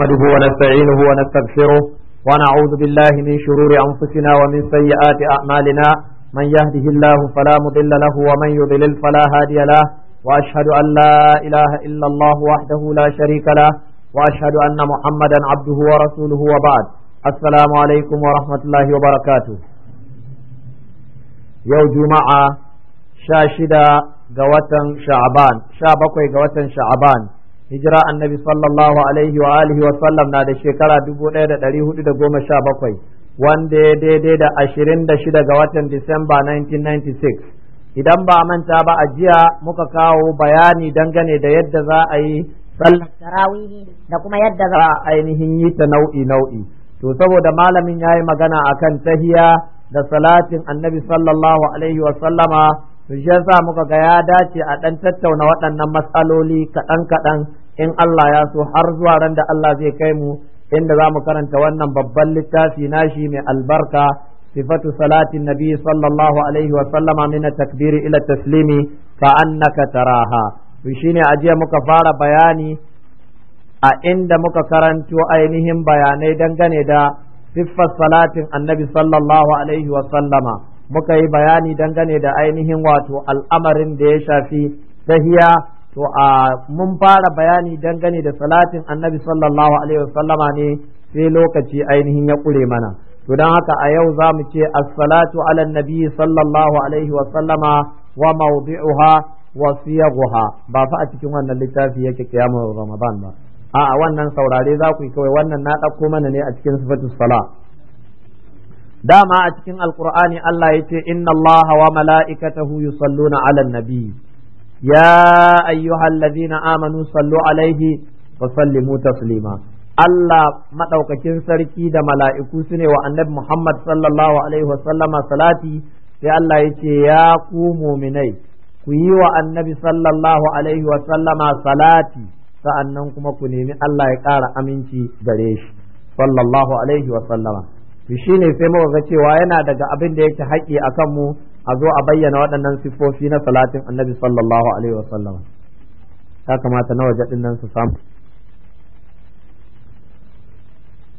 نحمده ونستعينه ونستغفره ونعوذ بالله من شرور أنفسنا ومن سيئات أعمالنا من يهده الله فلا مضل له ومن يضلل فلا هادي له وأشهد أن لا إله إلا الله وحده لا شريك له وأشهد أن محمدا عبده ورسوله وبعد السلام عليكم ورحمة الله وبركاته يوم جمعة شاشدة ga watan sha'aban sha bakwai ga watan sha'aban hijira annabi sallallahu alaihi wa alihi wa sallam na da shekara 1417 wanda ya daidai da 26 ga watan Disamba 1996 idan ba manta ba a jiya muka kawo bayani dangane da yadda za a yi sallar da kuma yadda za a ainihin yi ta nau'i nau'i to saboda malamin yayi magana akan tahiya da salatin annabi sallallahu alaihi wa sallama to shi yasa muka ga ya dace a ɗan tattauna waɗannan matsaloli kaɗan kaɗan in Allah ya so har zuwa ran da Allah zai kai mu inda za mu karanta wannan babban littafi nashi mai albarka sifatu salatin nabi sallallahu alaihi wa sallama min takbiri ila taslimi fa annaka taraha to shine jiya muka fara bayani a inda muka karanto ainihin bayanai dangane da siffar salatin annabi sallallahu alaihi wa sallama muka yi bayani dangane da ainihin wato al'amarin da ya shafi tahiya to a mun fara bayani dangane da salatin annabi sallallahu alaihi wasallama ne sai lokaci ainihin ya kure mana to don haka a yau za mu ce as-salatu ala nabi sallallahu alaihi wasallama wa mawdi'uha wa siyaghuha ba fa a cikin wannan littafi yake kiyamu ramadan ba a'a wannan saurare za ku yi kawai wannan na dauko mana ne a cikin sifatus salat dama a cikin alkur'ani Allah ya ce inna Allah wa mala'ikatahu yusalluna ala nabi ya ayyuhallazina amanu sallu alaihi wa sallimu taslima Allah madaukakin sarki da mala'iku su ne wa annabi Muhammad sallallahu alaihi wa sallama salati sai Allah ya ce ya ku muminai ku yi wa annabi sallallahu alaihi wa sallama salati sa'annan kuma ku nemi Allah ya ƙara aminci gare shi sallallahu alaihi wa sallama to shine sai muka ga cewa yana daga abin da yake haƙƙi a kanmu a zo a bayyana waɗannan siffofi na salatin annabi sallallahu alaihi wasallam ya kamata na waje ɗin nan su samu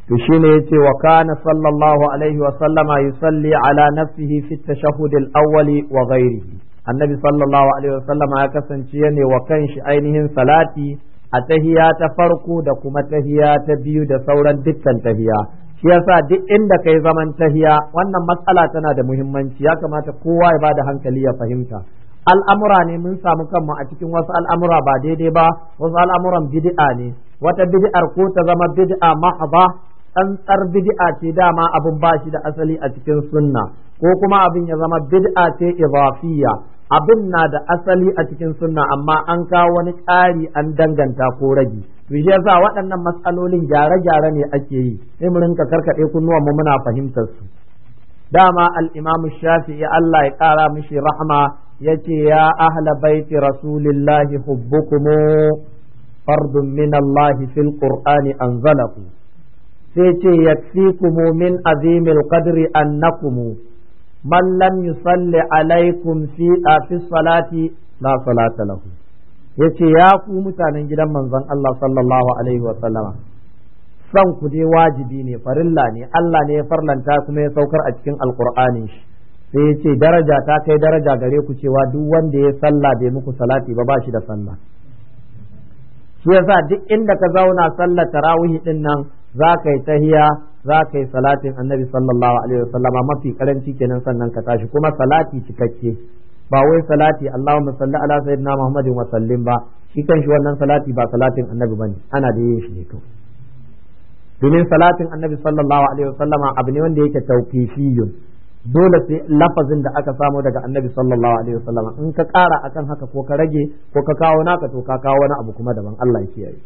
to shine yace wa kana sallallahu alaihi wa sallama yusalli ala nafsihi fi at-tashahhud al-awwal wa ghayrihi annabi sallallahu alaihi wa sallama ya kasance ne wa kanshi ainihin salati a tahiya ta farko da kuma tahiya ta biyu da sauran dukkan tahiya shi yasa duk inda kai zaman tahiya wannan matsala tana da muhimmanci ya kamata kowa ya bada hankali ya fahimta al'amura ne mun samu kanmu a cikin wasu al'amura ba daidai ba wasu al'amuran bid'a ne wata bid'ar ko ta zama bid'a mahdha tsantsar bid'a ce dama abin ba shi da asali a cikin sunna ko kuma abin ya zama bid'a ce idafiyya abin na da asali a cikin sunna amma an kawo wani ƙari an danganta ko ragi to shi yasa waɗannan matsalolin gyare-gyare ne ake yi sai mu rinka karkaɗe kunnuwan mu muna fahimtar su dama al imamu Shafi'i Allah ya ƙara mishi rahma yace ya ahla baiti rasulillahi hubbukum fardun min Allah fil Qur'ani sai ce yakfikum min azimil qadri annakumu. man lam yusalli alaikum fi fi salati la salata lahu yace ya ku mutanen gidan manzon Allah sallallahu alaihi wa sallama san ku dai wajibi ne farilla ne Allah ne ya farlanta kuma ya saukar a cikin alqur'anin sai yace daraja ta kai daraja gare ku cewa duk wanda ya salla bai muku salati ba ba shi da sallah shi yasa duk inda ka zauna sallar tarawih din nan za ka yi tahiya za ka yi salatin annabi sallallahu alaihi mafi karanci kenan sannan ka tashi kuma salati cikakke ba wai salati Allahumma salli ala sayyidina Muhammadin wa sallim ba shi kanshi wannan salati ba salatin annabi bane ana da yin shi ne to domin salatin annabi sallallahu alaihi wasallama abu ne wanda yake tawqifiyun dole sai lafazin da aka samu daga annabi sallallahu alaihi wasallam in ka kara akan haka ko ka rage ko ka kawo naka to ka kawo wani abu kuma daban Allah ya kiyaye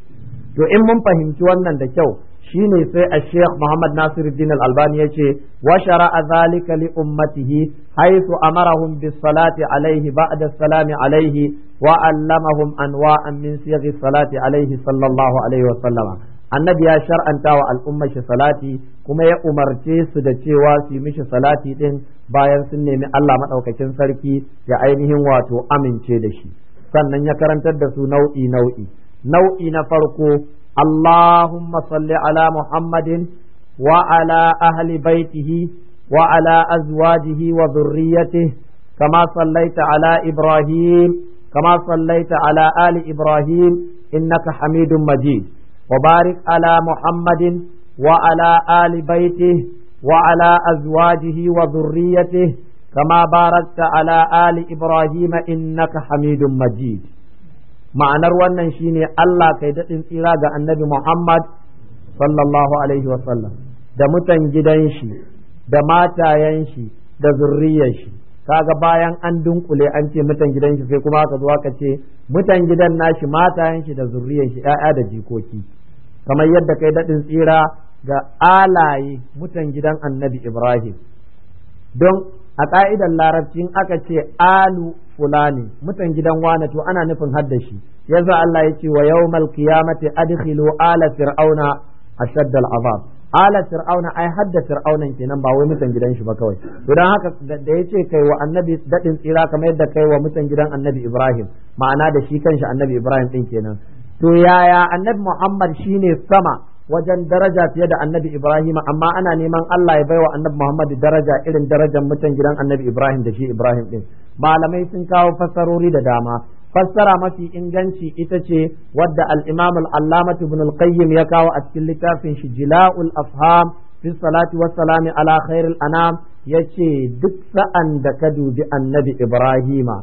to in mun fahimci wannan da kyau shine sai a Sheikh Muhammad Nasiruddin Al-Albani yace wa shara'a zalika li ummatihi haythu amarahum bis salati alayhi ba'da salami alayhi wa allamahum anwa'an min siyaghi salati alayhi sallallahu alayhi wa sallama annabi ya shar'anta wa al'umma shi salati kuma ya umarce su da cewa su yi mishi salati din bayan sun nemi Allah madaukakin sarki ya ainihin wato amince da shi sannan ya karantar da su nau'i nau'i nau'i na farko اللهم صل على محمد وعلى أهل بيته وعلى أزواجه وذريته كما صليت على إبراهيم كما صليت على آل إبراهيم إنك حميد مجيد وبارك على محمد وعلى آل بيته وعلى أزواجه وذريته كما باركت على آل إبراهيم إنك حميد مجيد ma'anar wannan shine Allah kai daɗin tsira ga annabi Muhammad sallallahu alaihi wasallam da mutan gidan shi da matayen shi da zurriyar shi kaga bayan an dunkule an ce mutan gidan shi sai kuma ka zo aka ce mutan gidan nashi matayen shi da zurriyar shi ƴaƴa da jikoki kamar yadda kai daɗin tsira ga alaye mutan gidan annabi Ibrahim don a ƙa'idar larabci in aka ce alu fulani mutan gidan wane to ana nufin hadda shi yasa Allah ya ce wa yawmal qiyamati adkhilu ala fir'auna ashadda al'azab ala fir'auna ai hadda fir'aunan kenan ba wai mutan gidan shi ba kawai to dan haka da yace kai wa annabi dadin tsira kamar yadda kai wa mutan gidan annabi Ibrahim ma'ana da shi kanshi annabi Ibrahim din kenan to yaya annabi Muhammad shine sama wajen daraja fiye da annabi Ibrahim amma ana neman Allah ya baiwa annabi Muhammad daraja irin darajar mutan gidan annabi Ibrahim da shi Ibrahim din malamai sun kawo fassarori da dama fassara mafi inganci ita ce wadda al-Imam al-Allamah Ibn al-Qayyim ya kawo a cikin littafin shi Jila'ul Afham fi salati was salami ala khairil anam yace duk sa'an da ka dubi annabi Ibrahima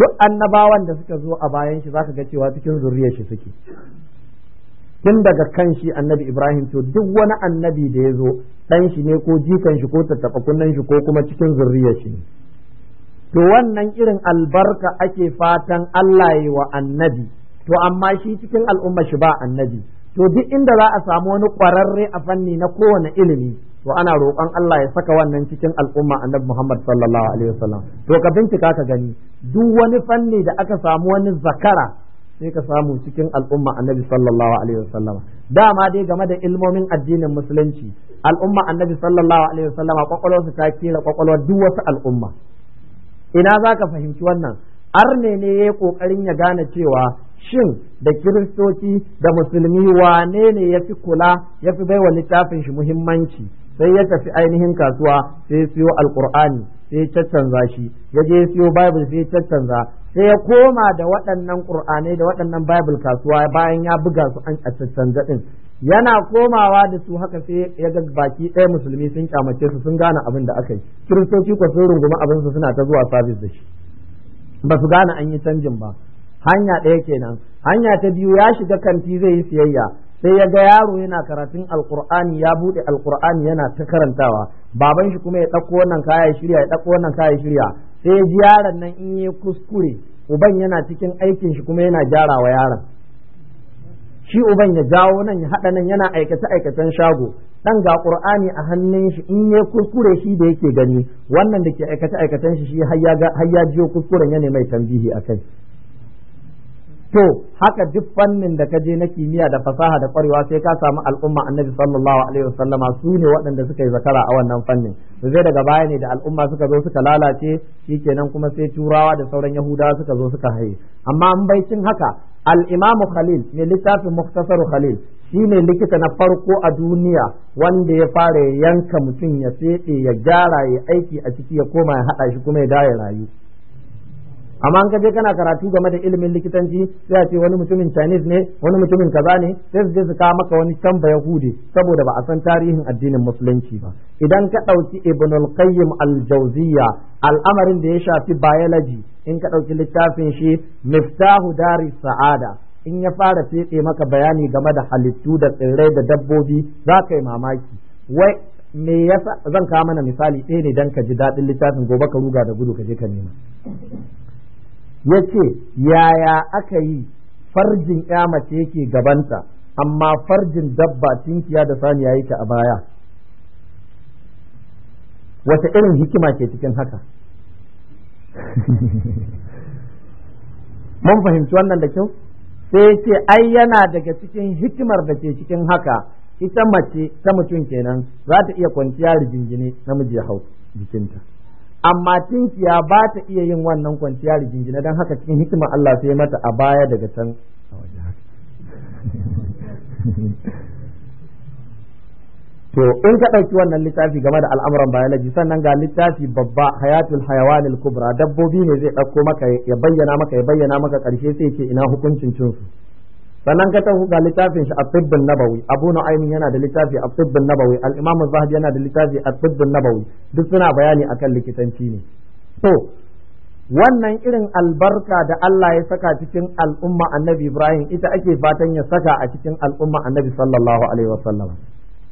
duk annabawan da suka zo a bayan shi zaka ga cewa cikin zuriyar shi suke tun daga kan shi annabi Ibrahim to duk wani annabi da ya zo ɗan shi ne ko jikan shi ko tattaɓa kunnen shi ko kuma cikin zurriyar shi to wannan irin albarka ake fatan Allah yi wa annabi to amma shi cikin al'umma shi ba annabi to duk inda za a samu wani ƙwararre a fanni na kowane ilimi to ana roƙon Allah ya saka wannan cikin al'umma annabi Muhammad sallallahu alaihi wasallam to ka bincika ka gani duk wani fanni da aka samu wani zakara sai ka samu cikin al'umma annabi sallallahu alaihi wasallama dama dai game da ilmomin addinin musulunci al'umma annabi sallallahu alaihi wasallama kwakwalwarsu ta kira kwakwalwar duk wasu al'umma ina za ka fahimci wannan arne ne ya yi kokarin ya gane cewa shin da kiristoci da musulmi wane ne ya fi kula ya fi baiwa littafin shi muhimmanci sai ya tafi ainihin kasuwa sai ya siyo alkur'ani sai ya caccanza shi ya je ya siyo bible sai ya caccanza sai ya koma da waɗannan Ƙur'anai da waɗannan bible kasuwa bayan ya buga su an caccanza din yana komawa da su haka sai ya ga baki ɗaya musulmi sun kyamace su sun gane abin da aka yi kiristoci ko sun rungumi abin su suna ta zuwa sabis da shi ba su gane an yi canjin ba hanya ɗaya kenan hanya ta biyu ya shiga kanti zai yi siyayya sai ya ga yaro yana karatun alkur'ani ya bude alkur'ani yana ta karantawa baban shi kuma ya ɗauko wannan kaya shirya ya ɗauko wannan kaya shirya sai ji yaron nan in yi kuskure uban yana cikin aikin shi kuma yana gyara wa yaron shi uban ya jawo nan ya haɗa nan yana aikace aikacen shago dan ga qur'ani a hannun shi in ya kuskure shi da yake gani wannan da ke aikace aikacen shi shi har ya jiyo kuskuren ya ne mai tambihi kai. to haka duk fannin da ka je na kimiyya da fasaha da kwarewa sai ka samu al'umma annabi sallallahu alaihi wasallama su ne waɗanda suka yi zakara a wannan fannin to zai daga baya ne da al'umma suka zo suka lalace shi kenan kuma sai turawa da sauran yahudawa suka zo suka haye amma an bai cin haka al-imam khalil ne littafin muktasaru khalil shine likita na farko a duniya wanda ya fara yanka mutum ya fede ya gyara ya aiki a ciki ya koma ya haɗa shi kuma ya dawo rayu amma an kaje kana karatu game da ilimin likitanci sai a ce wani mutumin Chinese ne wani mutumin kaza ne sai su je su kawo maka wani can Yahudi saboda ba a san tarihin addinin musulunci ba idan ka ɗauki Ibn al-Qayyim al-Jawziyya al'amarin da ya shafi biology in ka ɗauki littafin shi Miftahu Dari Sa'ada in ya fara fete maka bayani game da halittu da tsirrai da dabbobi za ka yi mamaki wai me yasa zan kawo mana misali ɗaya ne dan ka ji daɗin littafin gobe ka ruga da gudu ka je ka nema ya ce yaya aka yi farjin ya mace yake gabanta amma farjin dabba cinkiya da saniya yake a baya wata irin hikima ke cikin haka mun fahimci wannan da kyau sai ce ai yana daga cikin hikimar da ke cikin haka ita mace ta mutum kenan za ta iya kwanciya rigingine namiji ya hau jikinta amma tinkiya ba ta iya yin wannan kwanciya rigingina don haka cikin hikima Allah sai mata a baya daga can a waje to in ka ɗauki wannan littafi game da al'amuran biology sannan ga littafi babba hayatul hayawanil kubra dabbobi ne zai ɗauko maka ya bayyana maka ya bayyana maka ƙarshe sai ce ina hukuncin cinsu sannan ka tafi ga littafin shi a tibbun nabawi abu nu'aymin yana da littafi a tibbun nabawi al-imam zahabi yana da littafi a tibbun nabawi duk suna bayani akan likitanci ne to wannan irin albarka da Allah ya saka cikin al'umma annabi Ibrahim ita ake fatan ya saka a cikin al'umma annabi sallallahu alaihi wasallam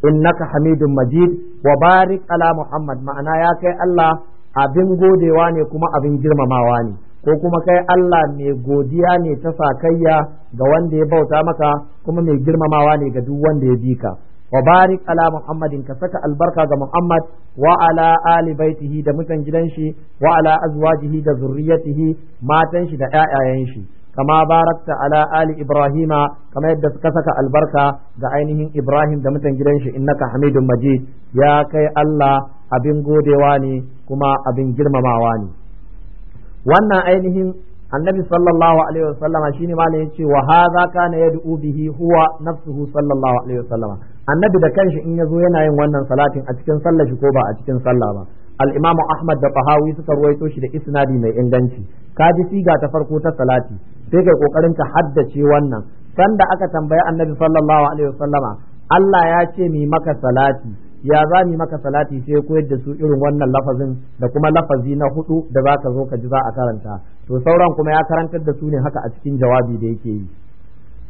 innaka hamidun majid wa barik ala muhammad ma'ana ya kai Allah abin godewa ne kuma abin girmamawa ne ko kuma kai Allah mai godiya ne ta sakayya ga wanda ya bauta maka kuma mai girmamawa ne ga duk wanda ya bi ka wa barik ala muhammadin ka saka albarka ga muhammad wa ala ali baitihi da mutan gidan shi wa ala azwajihi da zurriyatihi matan shi da ƴaƴayen shi kama barakta ala ali ibrahima kama yadda ka saka albarka ga ainihin ibrahim da mutan gidan shi innaka hamidun majid ya kai Allah abin godewa ne kuma abin girmamawa ne wannan ainihin annabi sallallahu alaihi wasallama shine malam yace wa hadha kana yad'u bihi huwa nafsuhu sallallahu alaihi wasallama annabi da kanshi in yazo yana yin wannan salatin a cikin sallar shi ko ba a cikin sallah ba al-imam ahmad da tahawi suka ruwaito shi da isnadi mai inganci ka ji siga ta farko ta salati sai kai kokarin ka haddace wannan sanda aka tambayi annabi sallallahu alaihi wasallama Allah ya ce mi maka salati ya za mu maka salati sai koyar da su irin wannan lafazin da kuma lafazi na hudu da za ka zo ka ji za a karanta to sauran kuma ya karantar da su ne haka a cikin jawabi da yake yi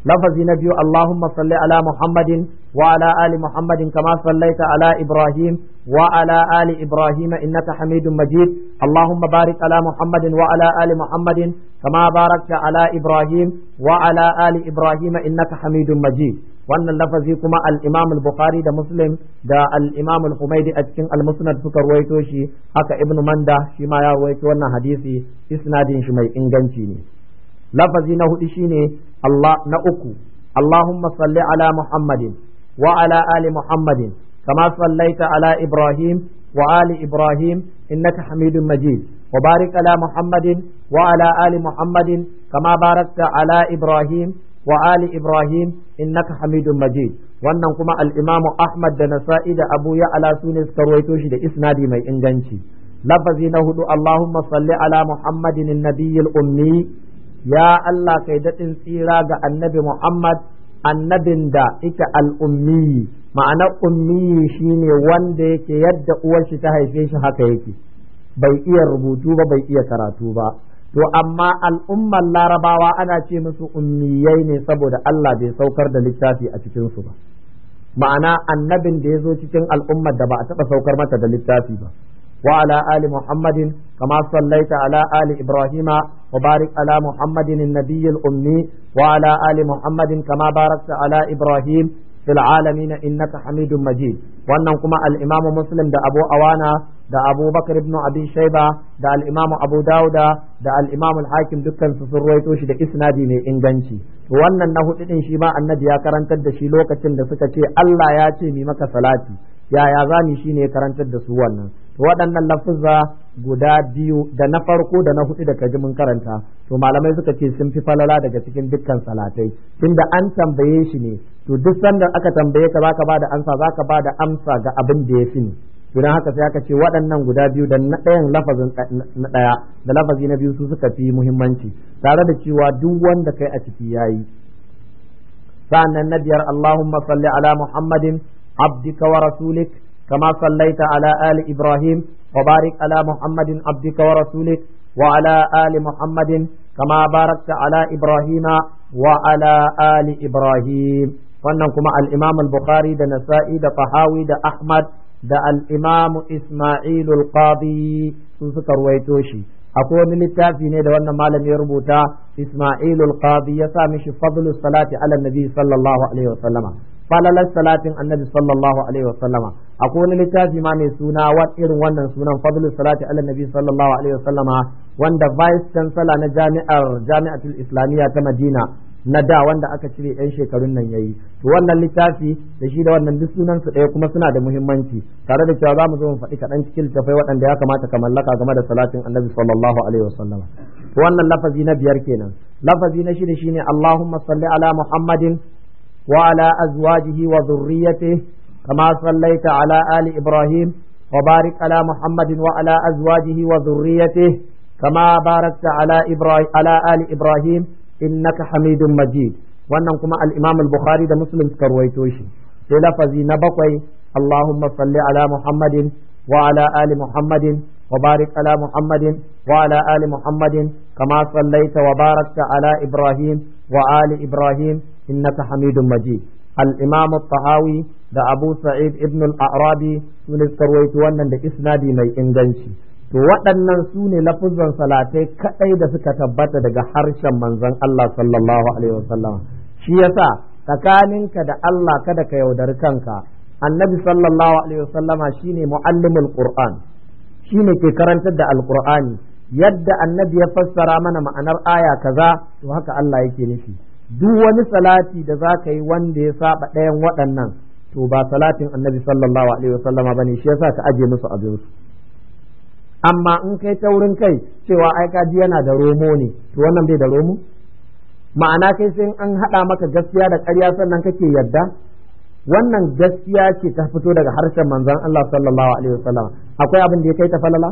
lafazi na biyu Allahumma salli ala Muhammadin wa ala ali Muhammadin kama sallaita ala Ibrahim wa ala ali Ibrahim innaka Hamidum Majid Allahumma barik ala Muhammadin wa ala ali Muhammadin kama barakta ala Ibrahim wa ala ali Ibrahim innaka Hamidum Majid wannan lafazi kuma al-Imam al-Bukhari da Muslim da al-Imam al-Humaydi a cikin al-Musnad suka ruwaito shi haka Ibn Manda shi ma ya ruwaito wannan hadisi isnadin shi mai inganci ne lafazi na hudu shine Allah na uku Allahumma salli ala Muhammadin wa ala ali Muhammadin kama sallaita ala Ibrahim wa ali Ibrahim innaka Hamidum Majid wa barik ala Muhammadin wa ala ali Muhammadin kama barakta ala Ibrahim wa ali ibrahim innaka hamidun majid wannan kuma al-imamu ahmad da nasa'i da abu ya ala ne suka shi da isnadi mai inganci lafazi na hudu allahumma salli ala muhammadin annabiyil ummi ya allah kai dadin tsira ga annabi muhammad annabin da ita al-ummi ma'ana ummi shine wanda yake yadda uwar shi ta haife shi haka yake bai iya rubutu ba bai iya karatu ba to amma al'ummar larabawa ana ce musu ummiyai ne saboda Allah bai saukar da littafi a cikin su ba ma'ana annabin da ya zo cikin al'ummar da ba a taɓa saukar mata da littafi ba wa ala ali muhammadin kama sallaita ala ali ibrahima wa barik ala muhammadin annabiyil ummi wa ala ali muhammadin kama barakta ala ibrahim fil alamin innaka hamidum majid wannan kuma al-imamu muslim da abu awana da Abu Bakar ibn Abi Shayba da al-Imam Abu Dawuda da al-Imam al-Hakim dukkan su sun ruwaito shi da isnadi mai inganci wannan na hudu din shi ma annabi ya karantar da shi lokacin da suka ce Allah ya ce mi maka salati yaya zani shine ya karantar da su wannan waɗannan lafuzza guda biyu da na farko da na hudu da kaji mun karanta to malamai suka ce sun fi falala daga cikin dukkan salatai tunda an tambaye shi ne to duk sanda aka tambaye ka zaka bada amsa zaka da amsa ga abin da ya fi ne idan haka sai aka ce waɗannan guda biyu da na ɗayan lafazin na ɗaya da lafazi na biyu su suka fi muhimmanci tare da cewa duk wanda kai a ciki yayi sa'annan na biyar Allahumma salli ala Muhammadin abdika wa rasulik kama sallaita ala ali Ibrahim wa barik ala Muhammadin abdika wa rasulik wa ala ali Muhammadin kama barakta ala Ibrahima wa ala ali Ibrahim wannan kuma al-Imam bukhari da Nasa'i da Fahawi da Ahmad da al'imamu imamu Ismailul Qadi sun suka ruwaito shi akwai wani littafi ne da wannan malami ya rubuta Ismailul Qadi ya sa mishi fadlus salati ala nabi sallallahu alaihi wa sallama falalar salatin annabi sallallahu alaihi wa sallama akwai wani littafi ma mai suna wa irin wannan sunan fadlus salati ala nabi sallallahu alaihi wa sallama wanda vice chancellor na jami'ar jami'atul islamiyya ta Madina na da wanda aka cire yan shekarun nan yayi to wannan littafi da shi da wannan duk sunan su ɗaya kuma suna da muhimmanci tare da cewa za mu zo mu faɗi kaɗan cikin littafai waɗanda ya kamata ka mallaka game da salatin annabi sallallahu alaihi wasallam to wannan lafazi na biyar kenan lafazi na shida shine Allahumma salli ala Muhammadin wa ala azwajihi wa dhurriyyatihi kama sallaita ala ali Ibrahim wa barik ala Muhammadin wa ala azwajihi wa dhurriyyatihi kama barakta ala Ibrahim ala ali Ibrahim innaka hamidun majid wannan kuma al-imam al-bukhari da muslim suka ruwaito shi sai lafazi na bakwai allahumma salli ala muhammadin wa ala ali muhammadin wa barik ala muhammadin wa ala ali muhammadin kama sallaita wa barakta ala ibrahim wa ali ibrahim innaka hamidun majid al-imam al-tahawi da abu sa'id ibn al-arabi sun wannan da isnadi mai inganci to waɗannan su ne lafuzan salatai kaɗai da suka tabbata daga harshen manzon Allah sallallahu alaihi wasallam shi yasa tsakaninka da Allah kada ka yaudari kanka annabi sallallahu alaihi wasallama shine muallimul qur'an shine ke karantar da alqur'ani yadda annabi ya fassara mana ma'anar aya kaza to haka Allah yake nufi duk wani salati da za ka yi wanda ya saba ɗayan waɗannan to ba salatin annabi sallallahu alaihi wasallama bane shi yasa ka aje musu abin su amma in kai taurin kai cewa ai kaji yana da romo ne to wannan bai da romo ma'ana kai sai an haɗa maka gaskiya da ƙarya sannan kake yadda wannan gaskiya ce ta fito daga harshen manzon Allah sallallahu alaihi wasallam akwai abin da ya kai ta falala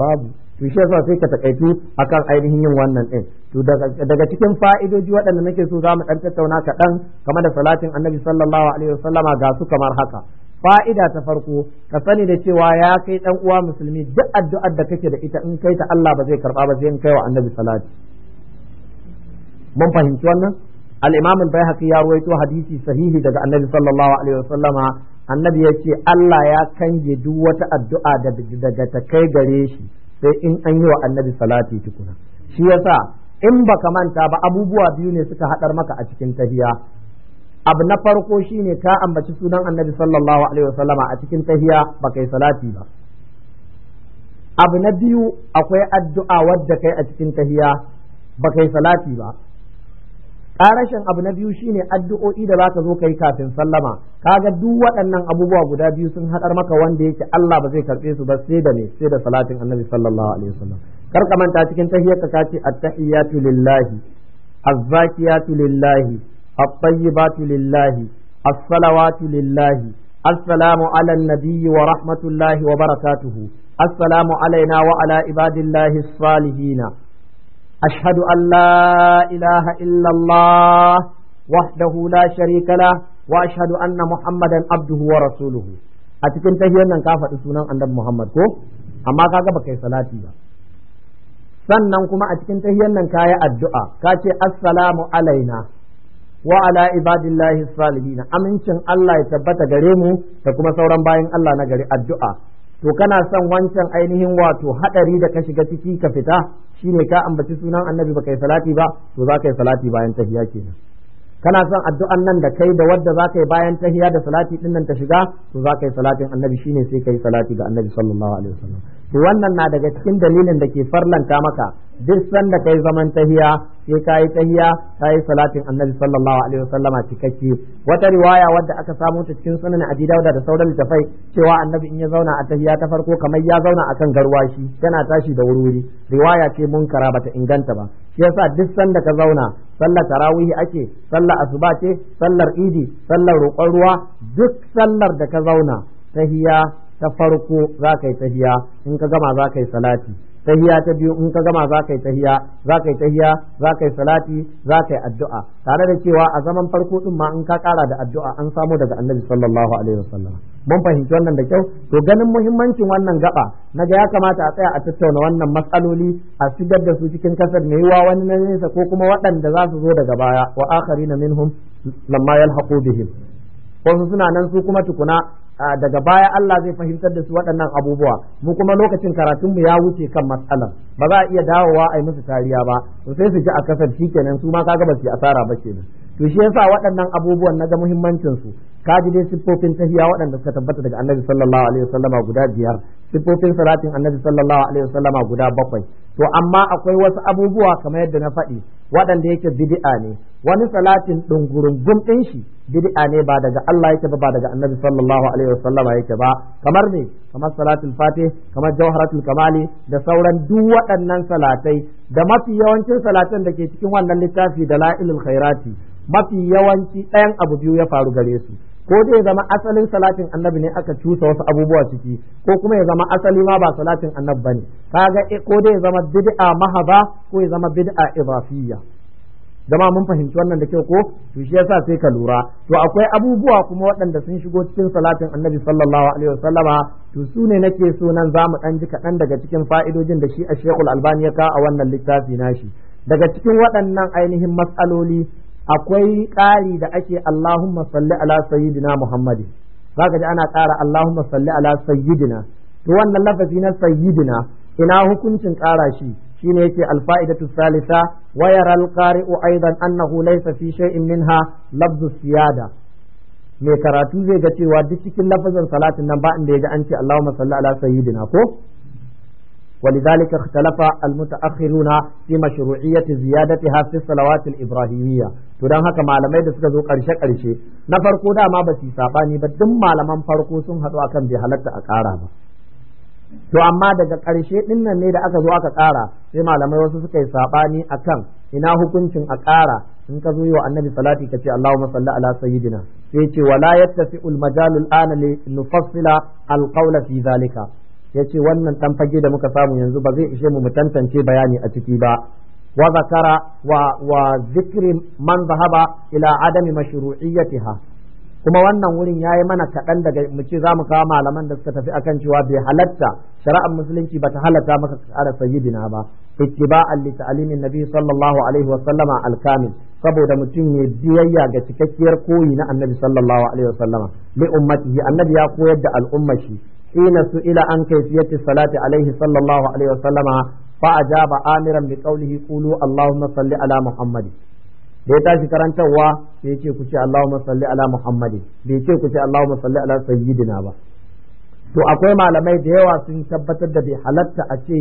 babu to shi yasa sai ka takaitu akan ainihin yin wannan din to daga cikin fa'idoji waɗanda nake so za mu dan tattauna kaɗan kamar da salatin annabi sallallahu alaihi wasallama ga su kamar haka fa'ida ta farko ka sani da cewa ya kai dan uwa musulmi duk addu'ar da kake da ita in kai ta Allah ba zai karba ba zai kai wa annabi salati mun fahimci wannan al-imam al ya ruwaito hadisi sahihi daga annabi sallallahu alaihi wasallama annabi ya ce Allah ya kange duk wata addu'a daga ta kai gare shi sai in an yi wa annabi salati tukuna shi yasa in baka manta ba abubuwa biyu ne suka hadar maka a cikin tafiya. abu na farko shine ka ambaci sunan annabi sallallahu alaihi wasallama a cikin tahiya ba kai salati ba abu na biyu akwai addu'a wadda kai a cikin tahiya ba kai salati ba ƙarashin abu na biyu shine addu'o'i da za ka zo kai kafin sallama kaga duk waɗannan abubuwa guda biyu sun haɗar maka wanda yake Allah ba zai karɓe su ba sai da ne sai da salatin annabi sallallahu alaihi wasallam kar ka manta cikin tahiyyar ka ce at-tahiyatu lillahi az-zakiyatu lillahi الطيبات لله الصلوات لله السلام على النبي ورحمة الله وبركاته السلام علينا وعلى عباد الله الصالحين أشهد أن لا إله إلا الله وحده لا شريك له وأشهد أن محمدا عبده ورسوله أتكن تهيئا أن كافة سنة عند محمد كو أما كاكا بكي صلاتي sannan kuma a cikin tahiyyar nan kayi addu'a ka ce assalamu alaina wa ala ibadillahi salihin amincin Allah ya tabbata gare mu da kuma sauran bayan Allah na gari addu'a to kana son wancan ainihin wato hadari da ka shiga ciki ka fita shine ka ambaci sunan annabi baka yi salati ba to za ka yi salati bayan tahiyya kenan kana son addu'an nan da kai da wadda za ka yi bayan tahiyya da salati din ta shiga to za ka yi salatin annabi shine sai ka yi salati ga annabi sallallahu alaihi wasallam to wannan na daga cikin dalilin da ke farlanta maka duk sanda kai zaman tahiya sai kai tahiya kai salatin annabi sallallahu alaihi wasallama cikakke wata riwaya wadda aka samu ta cikin sunan abi dauda da sauran littafai cewa annabi in ya zauna a tahiya ta farko kamar ya zauna akan garwashi yana tashi da wuri riwaya ce munkara bata inganta ba shi yasa duk sanda ka zauna sallar tarawihi ake sallar asuba ce sallar idi sallar roƙon ruwa duk sallar da ka zauna tahiya ta farko za ka yi tahiya in ka gama za ka yi salati tahiya ta biyu in ka gama za ka yi tahiya za ka yi tahiya za ka yi salati za ka yi addu'a tare da cewa a zaman farko din ma in ka kara da addu'a an samo daga annabi sallallahu alaihi wasallam mun fahimci wannan da kyau to ganin muhimmancin wannan gaba ga ya kamata a tsaya a tattauna wannan matsaloli a sigar da su cikin kasar ne wa wani na nesa ko kuma waɗanda za su zo daga baya wa na minhum lamma yalhaqu bihim wasu suna nan su kuma tukuna daga baya Allah zai fahimtar da su waɗannan abubuwa mu kuma lokacin karatun mu ya wuce kan matsalar ba za a iya dawowa a yi musu tariya ba to sai su ji a kasar kenan su ma kaga ba su asara ba ke to shi yasa waɗannan abubuwan na ga muhimmancin su ka ji dai siffofin tahiya waɗanda suka tabbata daga Annabi sallallahu alaihi wasallama guda biyar siffofin salatin Annabi sallallahu alaihi wasallama guda bakwai to amma akwai wasu abubuwa kamar yadda na faɗi waɗanda yake bid'a ne wani salatin ɗungurungun ɗin shi bid'a ne ba daga Allah yake ba ba daga Annabi sallallahu alaihi wasallama yake ba kamar ne kamar salatul fatih kamar jawharatul kamali da sauran duk waɗannan salatai da mafi yawancin salatan da ke cikin wannan littafi da la'ilul khairati mafi yawanci ɗayan abu biyu ya faru gare su ko dai zama asalin salatin annabi ne aka cusa wasu abubuwa ciki ko kuma ya zama asali ma ba salatin annabi bane kaga eh, ko dai zama bid'a mahaba ko ya zama bid'a idafiyya zama mun fahimci wannan da kyau ko to shi yasa sai ka lura to akwai abubuwa kuma waɗanda sun shigo cikin salatin annabi sallallahu alaihi wasallama to su ne nake so nan za mu ɗan ji kaɗan daga cikin fa'idojin da shi a shekul albani ya kawo a wannan littafi nashi daga cikin waɗannan ainihin matsaloli akwai ƙari da ake Allahumma salli ala sayyidina Muhammadin zaka ji ana ƙara Allahumma salli ala sayyidina to wannan lafazi na sayyidina ina hukuncin ƙara shi shine yake alfa'idatu salisa wa yara alqari'u aidan annahu laysa fi shay'in minha lafzu siyada mai karatu zai ga cewa duk cikin lafazin salatin nan ba inda ya ji an ce Allahumma salli ala sayyidina ko ولذلك اختلف المتأخرون في مشروعية زيادتها في الصلوات الإبراهيمية تدان هكا معلمي دا سكزو قرشة قرشة نفرقو دا ما بسي ساباني بدن sun فرقو akan bai halarta بحلت أكارا ba. to amma daga ƙarshe ɗinnan ne da aka zo aka ƙara sai malamai wasu suka yi saɓani akan ina hukuncin a ƙara in ka zo yi wa annabi salati ka ce Allahumma salli ala sayyidina sai ce wala yattafi al majalul li nufassila al qawla fi zalika yace wannan dan fage da muka samu yanzu ba zai ishe mu mu tantance bayani a ciki ba wa zakara wa wa zikri man zahaba ila adami mashru'iyyatiha kuma wannan wurin yayi mana kaɗan daga mu ce za mu kawo malaman da suka tafi akan cewa bai halatta shari'ar musulunci bata halatta maka ƙara sayyidina ba ittiba'an li ta'limin nabi sallallahu alaihi wa sallama al-kamil saboda mutum ya biyayya ga cikakkiyar koyi na annabi sallallahu alaihi wa sallama li ummatihi annabi ya koyar da al'ummar shi ina su ila an kaifiyati salati alaihi sallallahu alaihi sallama fa ajaba amiran bi qawlihi qulu allahumma salli ala muhammad da ya tashi karantarwa sai ya ku ce Allahumma salli ala Muhammadin bai ce ku ce Allahumma salli ala sayyidina ba to akwai malamai da yawa sun tabbatar da bai halarta a ce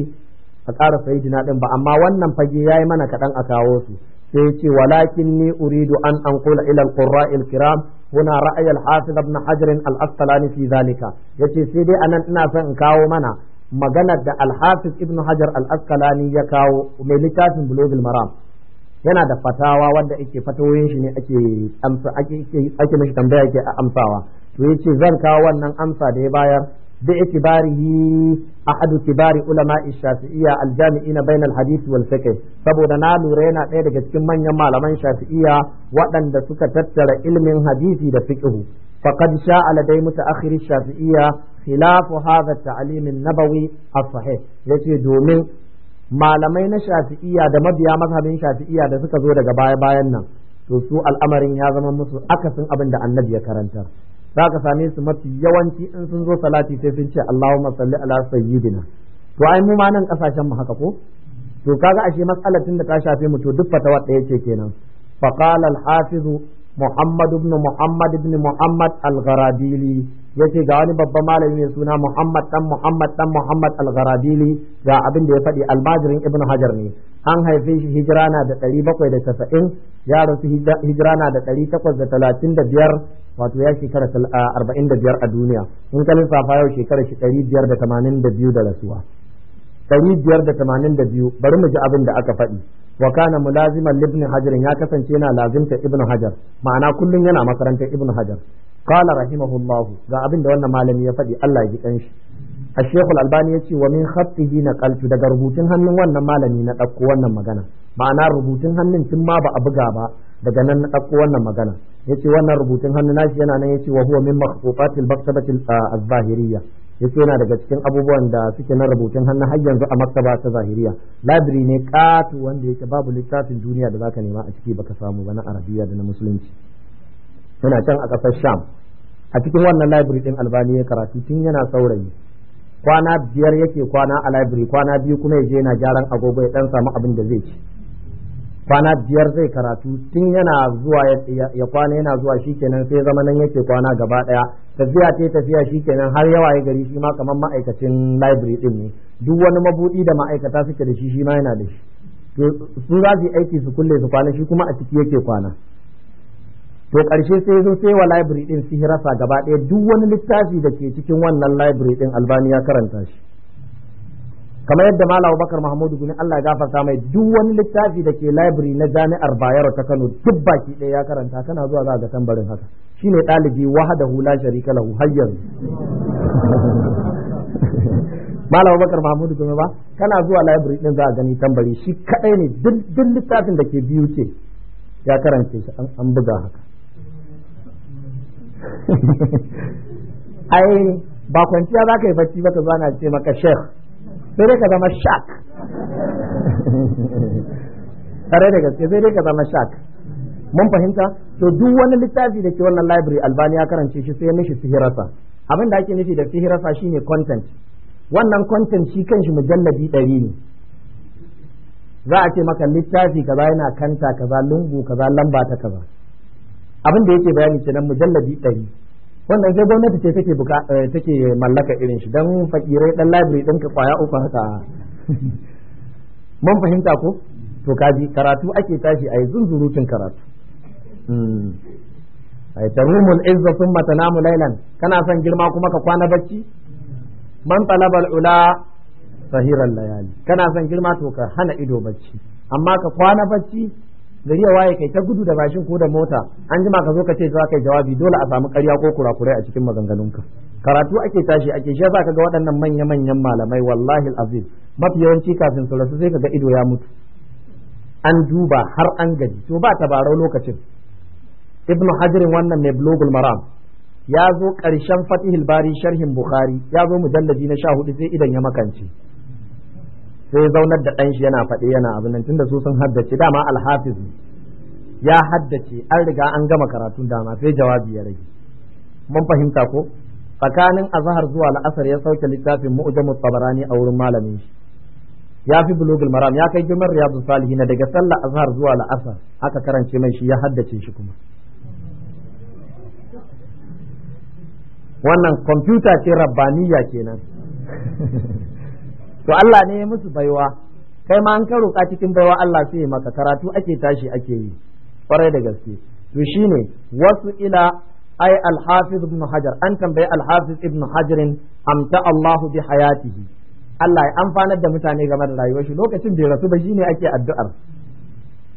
a ƙara sayyidina din ba amma wannan fage yayi mana kaɗan a kawo su sai ya ce walakin ni uridu an anqula ila kurra qurrail huna ra'ay al-hafiz ibn hajar al-asqalani fi yace sai dai anan ina son in kawo mana maganar da al-hafiz hajar al askalani ya kawo mai littafin bulughul maram yana da fatawa wanda ake fatawoyin shi ne ake amsa ake mishi tambaya ake amsawa to yace zan kawo wannan amsa da ya bayar bi itibarihi ahadu kibari ulama shafi'iyya na bainal hadith wal fiqh saboda na lura yana ɗaya daga cikin manyan malaman shafi'iyya waɗanda suka tattara ilmin hadisi da fiqh faqad sha'a ladai mutaakhir shafi'iyya خلاف هذا التعليم النبوي الصحيح يجي دومين malamai na shafi'iya da mabiya mazhabin shafi'iya da suka zo daga baya bayan nan to su al'amarin ya zama musu akasin abin da annabi ya karanta zaka same su mafi yawanci in sun zo salati sai sun ce Allahumma salli ala sayyidina to ai mu ma nan kasashen mu haka ko to kaga ashe matsalar da ta shafe mu to duk fatawa da yake kenan fa qala al-hafiz Muhammad ibn Muhammad ibn Muhammad al-Gharadili yace ga wani babban malami mai suna Muhammad dan Muhammad dan Muhammad al-Gharabili ga abin da ya faɗi almajirin Ibn Hajar ne an haife shi hijira na da 790 ya rasu hijira na da 835 wato ya shekara 45 a duniya in ka lissafa yau shekara shi 582 da rasuwa 582 bari mu ji abin da aka faɗi wa kana mulaziman ibn hajar ya kasance yana lazimta ibn hajar ma'ana kullum yana makarantar ibn hajar qala rahimahullahu ga abin da wannan malami ya faɗi Allah ya الشيخ الألباني يتي ومن خطه نقلت daga rubutun hannun wannan malami na ɗauko wannan magana ma'ana rubutun hannun tun ma ba a buga ba daga nan na ɗauko wannan magana ce wannan rubutun hannun nashi yana nan yace wa huwa min makhfufatil a az-zahiriyya yana daga cikin abubuwan da suke na rubutun hannun har yanzu a maktaba ta zahiriya labiri ne katu wanda yake babu littafin duniya da zaka nema a ciki baka samu ba na arabiya da na musulunci yana can a ƙasar sham a cikin wannan library din albani ya karatu tun yana saurayi kwana biyar yake kwana a library kwana biyu kuma ya je yana gyaran agogo ya dan samu abin da zai ci kwana biyar zai karatu tun yana zuwa ya kwana yana zuwa shikenan sai zama nan yake kwana gaba daya tafiya ce tafiya shikenan har yawa ya gari shi ma kamar ma'aikacin library din ne duk wani mabudi da ma'aikata suke da shi shi ma yana da shi to su za su yi aiki su kulle su kwana shi kuma a ciki yake kwana to ƙarshe sai zo sai wa library din sihirasa gaba ɗaya duk wani littafi da ke cikin wannan library din albani ya karanta shi kamar yadda malam Abubakar Mahmudu bin Allah ya gafarta mai duk wani littafi da ke library na jami'ar Bayero ta Kano duk baki ɗaya ya karanta kana zuwa za ga tambarin haka shine ɗalibi wahadahu hula sharika lahu hayyar malam Abubakar Mahmudu kuma ba kana zuwa library din za a gani tambari shi kadai ne duk littafin da ke biyu ce ya karanta shi an buga haka ai ba kwanciya za ka yi bacci ba ka zo ana ce maka sheikh sai dai ka zama shak tare da gaske sai dai ka zama shak mun fahimta to duk wani littafi da ke wannan library albani ya karance shi sai ya mishi sihirasa abin da ake nufi da sihirasa shine content wannan content shi kanshi mujalladi ɗari ne za a ce maka littafi kaza yana kanta kaza lungu kaza lamba ta kaza abin da yake bayani kenan mujalladi ɗari wannan sai gwamnati ce take eh, take mallaka irin shi dan fakirai dan library din ka kwaya uku haka mun fahimta ko to kaji karatu ake tashi ayi zunzurutun karatu hmm. ai tarumul izza thumma tanamu laylan kana son girma kuma ka kwana bacci man talabal ula sahiran layali kana son girma to ka hana ido bacci amma ka kwana bacci gari ya waye kai ta gudu da mashin ko da mota an jima ka zo ka ce za ka yi jawabi dole a samu ƙarya ko kurakurai a cikin maganganunka karatu ake tashi ake shi ka ga waɗannan manya-manyan malamai wallahi azim mafi yawanci kafin su rasu sai kaga ido ya mutu an duba har an gaji to ba tabarau lokacin ibnu hajarin wannan mai blogul maram ya zo ƙarshen fatihil bari sharhin bukhari ya zo mujallaji na sha hudu sai idan ya makance sai zaunar da ɗanshi yana faɗe yana abin nan tunda su sun haddace dama alhafiz ya haddace an riga an gama karatun dama sai jawabi ya rage mun fahimta ko tsakanin azahar zuwa la'asar ya sauke littafin mu'jamu tabarani a wurin malamin shi ya fi bulugul maram ya kai girman riyadu salihin daga sallar azhar zuwa la'asar aka karance mai shi ya haddace shi kuma wannan kwamfuta ce rabbaniya kenan to Allah ne ya musu baiwa kai ma an ka roƙa cikin baiwa Allah sai ya maka karatu ake tashi ake yi kwarai da gaske to shine wasu ila ai al-hafiz ibn hajar an tambayi al-hafiz ibn hajar amta Allah bi hayatihi Allah ya amfanar da mutane game da rayuwar shi lokacin ya rasu ba shine ake addu'ar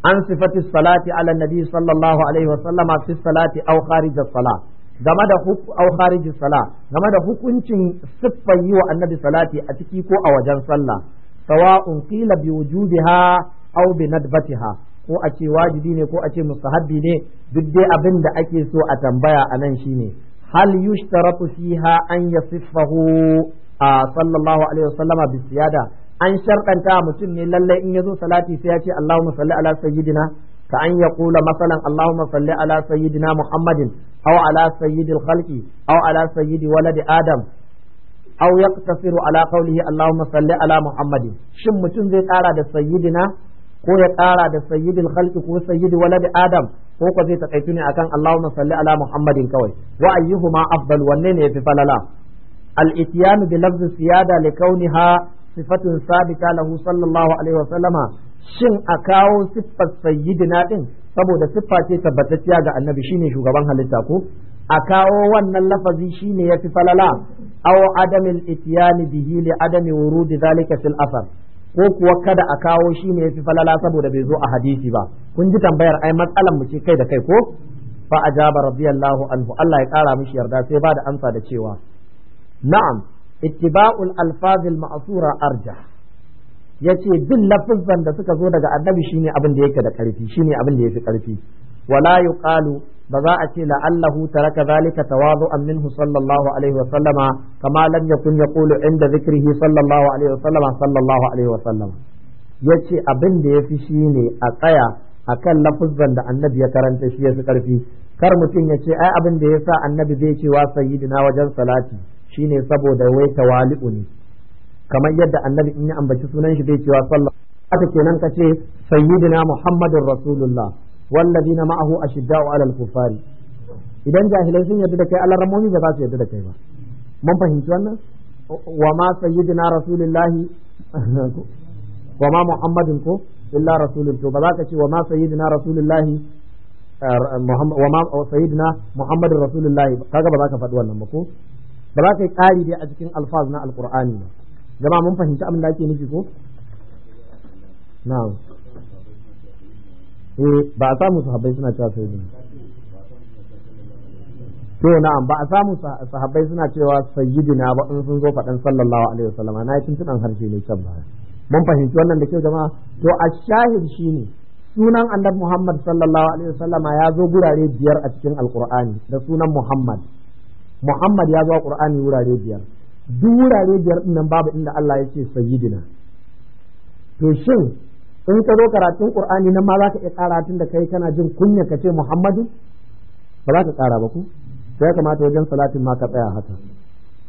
an sifati salati ala nabi sallallahu alaihi wa sallama fi salati aw kharij as game da au sala game da hukuncin siffan yi wa annabi salati a ciki ko a wajen sallah sawa'un qila bi wujubiha aw bi nadbatiha ko a ce wajibi ne ko a ce mustahabbi ne duk dai abin da ake so a tambaya a nan shine hal yushtaratu fiha an yasiffahu a sallallahu alaihi wasallama bi siyada an sharɗanta mutum ne lalle in yazo salati sai ya ce Allahumma salli ala sayyidina ka an yaqula masalan Allahumma salli ala sayyidina Muhammadin aw ala sayyidil khalqi aw ala sayyidi waladi adam aw yaqtasiru ala qawlihi allahumma salli ala muhammadin shin mutum zai ƙara da sayyidina ko ya ƙara da sayyidil khalqi ko sayyidi waladi adam ko ko zai takaitu ne akan allahumma salli ala muhammadin kawai wa ayyuhuma afdal wanne ne fi falala al ityanu bi lafzi siyada li kauniha sifatun sabita lahu sallallahu alaihi wa sallama shin a kawo sayyidina din saboda siffa ce tabbatacciya ga annabi shine shugaban halitta ko a kawo wannan lafazi shine yafi falala aw adamil itiyani bihi li adami wurudi zalika fil asar ko kuwa kada a kawo shine yafi falala saboda bai zo a hadisi ba kun ji tambayar ai matsalan mu ce kai da kai ko fa ajaba radiyallahu anhu Allah ya kara mishi yarda sai ba da amsa da cewa na'am ittiba'ul alfazil ma'sura arjah ya ce duk lafuzzan da suka zo daga annabi shine abin da yake da ƙarfi shine abin da yafi karfi wala yuqalu ba za a ce la'allahu taraka zalika tawadu'an minhu sallallahu alaihi wa sallama kama lam yakun yaqulu inda zikrihi sallallahu alaihi wa sallama sallallahu alaihi wa sallama yace abin da yafi shine a tsaya akan lafuzzan da annabi ya karanta shi yafi karfi kar mutum ya ce ai abin da yasa annabi zai ce wa sayyidina wajen salati shine saboda wai tawali'u ne kamar yadda annabi in ya ambaci sunan shi bai cewa sallah haka kenan ka ce sayyidina muhammadin rasulullah wallazina ma'ahu a ashidda'u 'alal kufari idan jahilai sun yarda da kai Allah ramomi ba za su yarda da kai ba mun fahimci wannan wa ma sayyidina rasulillahi wa ma muhammadin ko illa rasulun to ba za ka ce wa ma sayyidina rasulillahi eh, wa ma sayyidina muhammadin rasulillahi kaga ba za ka faɗi wannan ba ko ba za ka yi ƙari dai a cikin alfaz na alqur'ani ba jama'a mun fahimci abin da ake nufi ko na'am eh ba a samu sahabbai suna cewa sai to na'am ba a samu sahabbai suna cewa sayyidina ba in sun zo faɗan sallallahu alaihi wasallam na yi tuntunan harshe ne can baya mun fahimci wannan da ke jama'a to a shahid shine sunan annab Muhammad sallallahu alaihi wasallam ya zo gurare biyar a cikin alqur'ani da sunan Muhammad Muhammad ya zo a qur'ani wurare biyar duk wurare biyar ɗin nan babu inda Allah ya ce sayyidina to shin in ka zo karatun Qur'ani nan ma za ka iya ƙara tun da kai kana jin kunya ka ce Muhammadu ba za ka ƙara ba ku sai kamata wajen salatin ma ka tsaya haka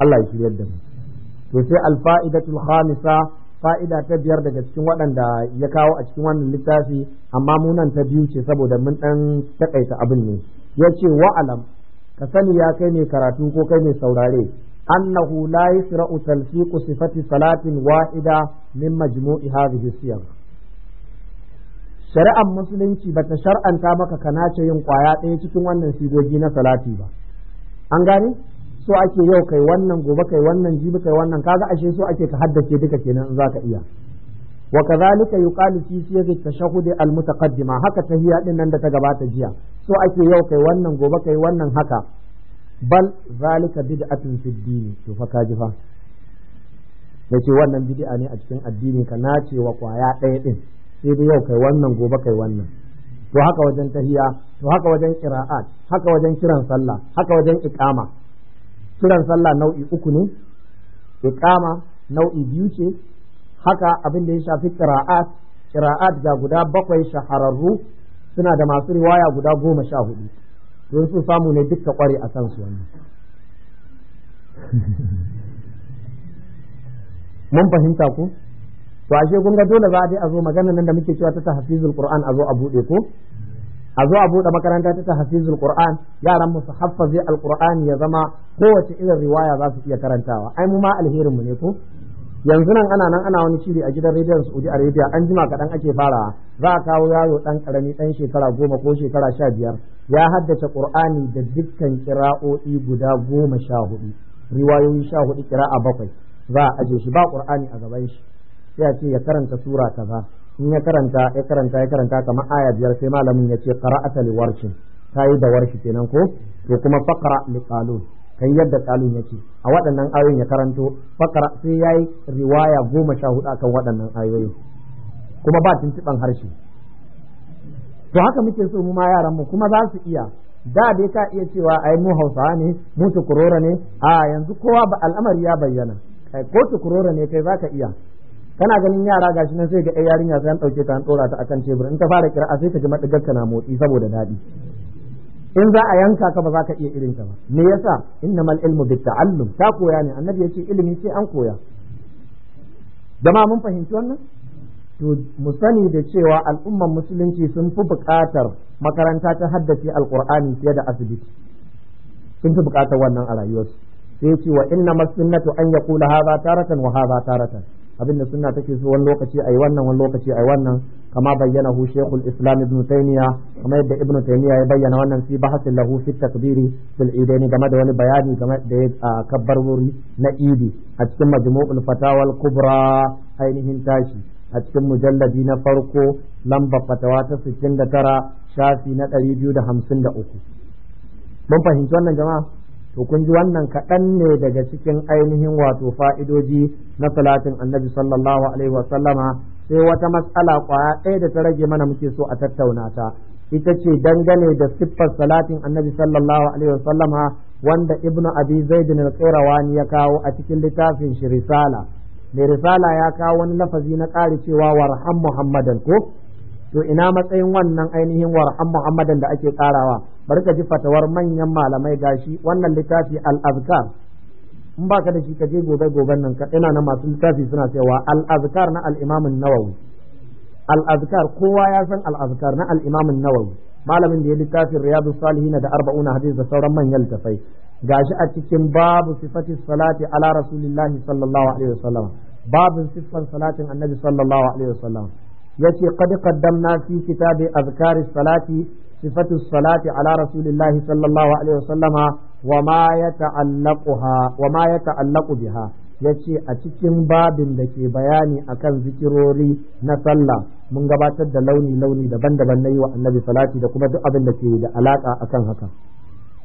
Allah ya shiryar da mu to sai alfa'idatul khamisa fa'ida ta biyar daga cikin waɗanda ya kawo a cikin wannan littafi amma mu nan ta biyu ce saboda mun dan takaita abin ne yace wa'alam ka sani ya kai ne karatu ko kai ne saurare أنه لا يسرع تلفيق صفة صلاة واحدة من مجموع هذه shari'ar musulunci bata shar'anta maka kana ce yin kwaya ɗaya cikin wannan sigogi na salati ba an gane so ake yau kai wannan gobe kai wannan jibi kai wannan kaga ashe so ake ka haddace duka kenan in zaka iya wa kadhalika yuqalu fi siyaqi tashahhud al mutaqaddima haka tahiyya din nan da ta gabata jiya so ake yau kai wannan gobe kai wannan haka bal zalika bid'atun fi dini to fa kaji fa yace wannan bid'a ne a cikin addini ka nace wa kwaya ɗaya din sai dai yau kai wannan gobe kai wannan to haka wajen tahiya to haka wajen qira'at haka wajen kiran sallah haka wajen iqama kiran sallah nau'i uku ne iqama nau'i biyu ce haka abin da ya shafi qira'at qira'at ga guda bakwai shahararru suna da masu riwaya guda goma sha hudu to sun samu ne duka kware a kan su wannan mun fahimta ku to ashe kun ga dole za a je a zo magana nan da muke cewa ta tahfizul qur'an a zo a bude ko a zo a bude makaranta ta tahfizul qur'an yaran mu su haffaze alqur'ani ya zama kowace irin riwaya za su iya karantawa ai mu ma alherin mu ne ko yanzu nan ana nan ana wani shiri a gidan rediyon Saudi Arabia an jima kaɗan ake fara za a kawo yaro ɗan ƙarami ɗan shekara goma ko shekara sha biyar ya haddace Ƙur'ani da dukkan kira'o'i guda goma sha hudu riwayoyi sha hudu kira'a bakwai za a aje shi ba Ƙur'ani a gaban shi sai a ce ya karanta sura kaza in ya karanta ya karanta ya karanta kamar aya biyar sai malamin ya ce qara'ata warshin ta yi da warshi kenan ko to kuma faqra liqalun kan yadda kalun ce a waɗannan ayoyin ya karanto fakara sai ya yi riwaya goma sha hudu a kan waɗannan ayoyin kuma ba tuntuɓan harshe to haka muke so mu ma yaran mu kuma za su iya da dai ka iya cewa ai mu Hausawa ne mu tukurora ne a yanzu kowa ba al'amari ya bayyana ko tukurora ne kai zaka iya kana ganin yara gashi nan sai ga yarinya sai an ɗauke ta an ɗora ta akan tebur in ta fara kira sai ta ji madigar na motsi saboda daɗi in za a yanka ka ba za ka iya irin ta ba me yasa innamal ilmu bitta'allum ta koya ne annabi yace ilimi sai an koya jama'a mun fahimci wannan to mu sani da cewa al'umman musulunci sun fi buƙatar makaranta ta haddace alqur'ani fiye da asibiti sun fi buƙatar wannan a rayuwarsu sai yace wa inna masunnatu an yaqula hadha taratan wa hadha taratan abinda sunna take so wani lokaci ayi wannan wani lokaci ayi wannan كما بينه شيخ الإسلام ابن تيمية كما يبدأ ابن تيمية يبين أن في بحث له في التكبير في الإيدين كما دون بياني كما كبر وري نئيدي أتكم مجموع الفتاوى الكبرى أينهم تاشي أتكم مجلدين فرقو لمبا فتوات ستين ترى شافي نتالي بيود همسن دأوكو من فهمتون جماعة to kun ji wannan kaɗan ne daga cikin ainihin wato fa'idoji na salatin annabi sallallahu alaihi wasallama sai wata matsala kwaya ɗaya da ta rage mana muke so a tattauna ta ita ce dangane da siffar salatin annabi sallallahu alaihi wasallama wanda ibnu abi zaid al-qirawani ya kawo a cikin littafin shi risala mai risala ya kawo wani lafazi na ƙari cewa warham muhammadan ko to ina matsayin wannan ainihin warham muhammadan da ake ƙarawa bari ka ji fatawar manyan malamai gashi wannan littafi al-azkar in ka da shi ka je gobe goben nan ka na masu littafi suna cewa al-azkar na al'imamin imam an-nawawi al kowa ya san al na al'imamin imam nawawi malamin da ya littafin riyadus salihin da 40 hadis da sauran manyan littafai gashi a cikin babu sifati salati ala rasulillahi sallallahu alaihi wasallam babu siffar salatin annabi sallallahu alaihi wasallam yace qad qaddamna fi kitabi azkari salati sifatu salati ala rasulillahi sallallahu alaihi wasallama wa ma ya ta'allaku biha ya ce a cikin babin da ke bayani akan zikirori na sallah mun gabatar da launi-launi daban-daban na yi wa annabi salati da kuma duk abin da ke da alaƙa akan haka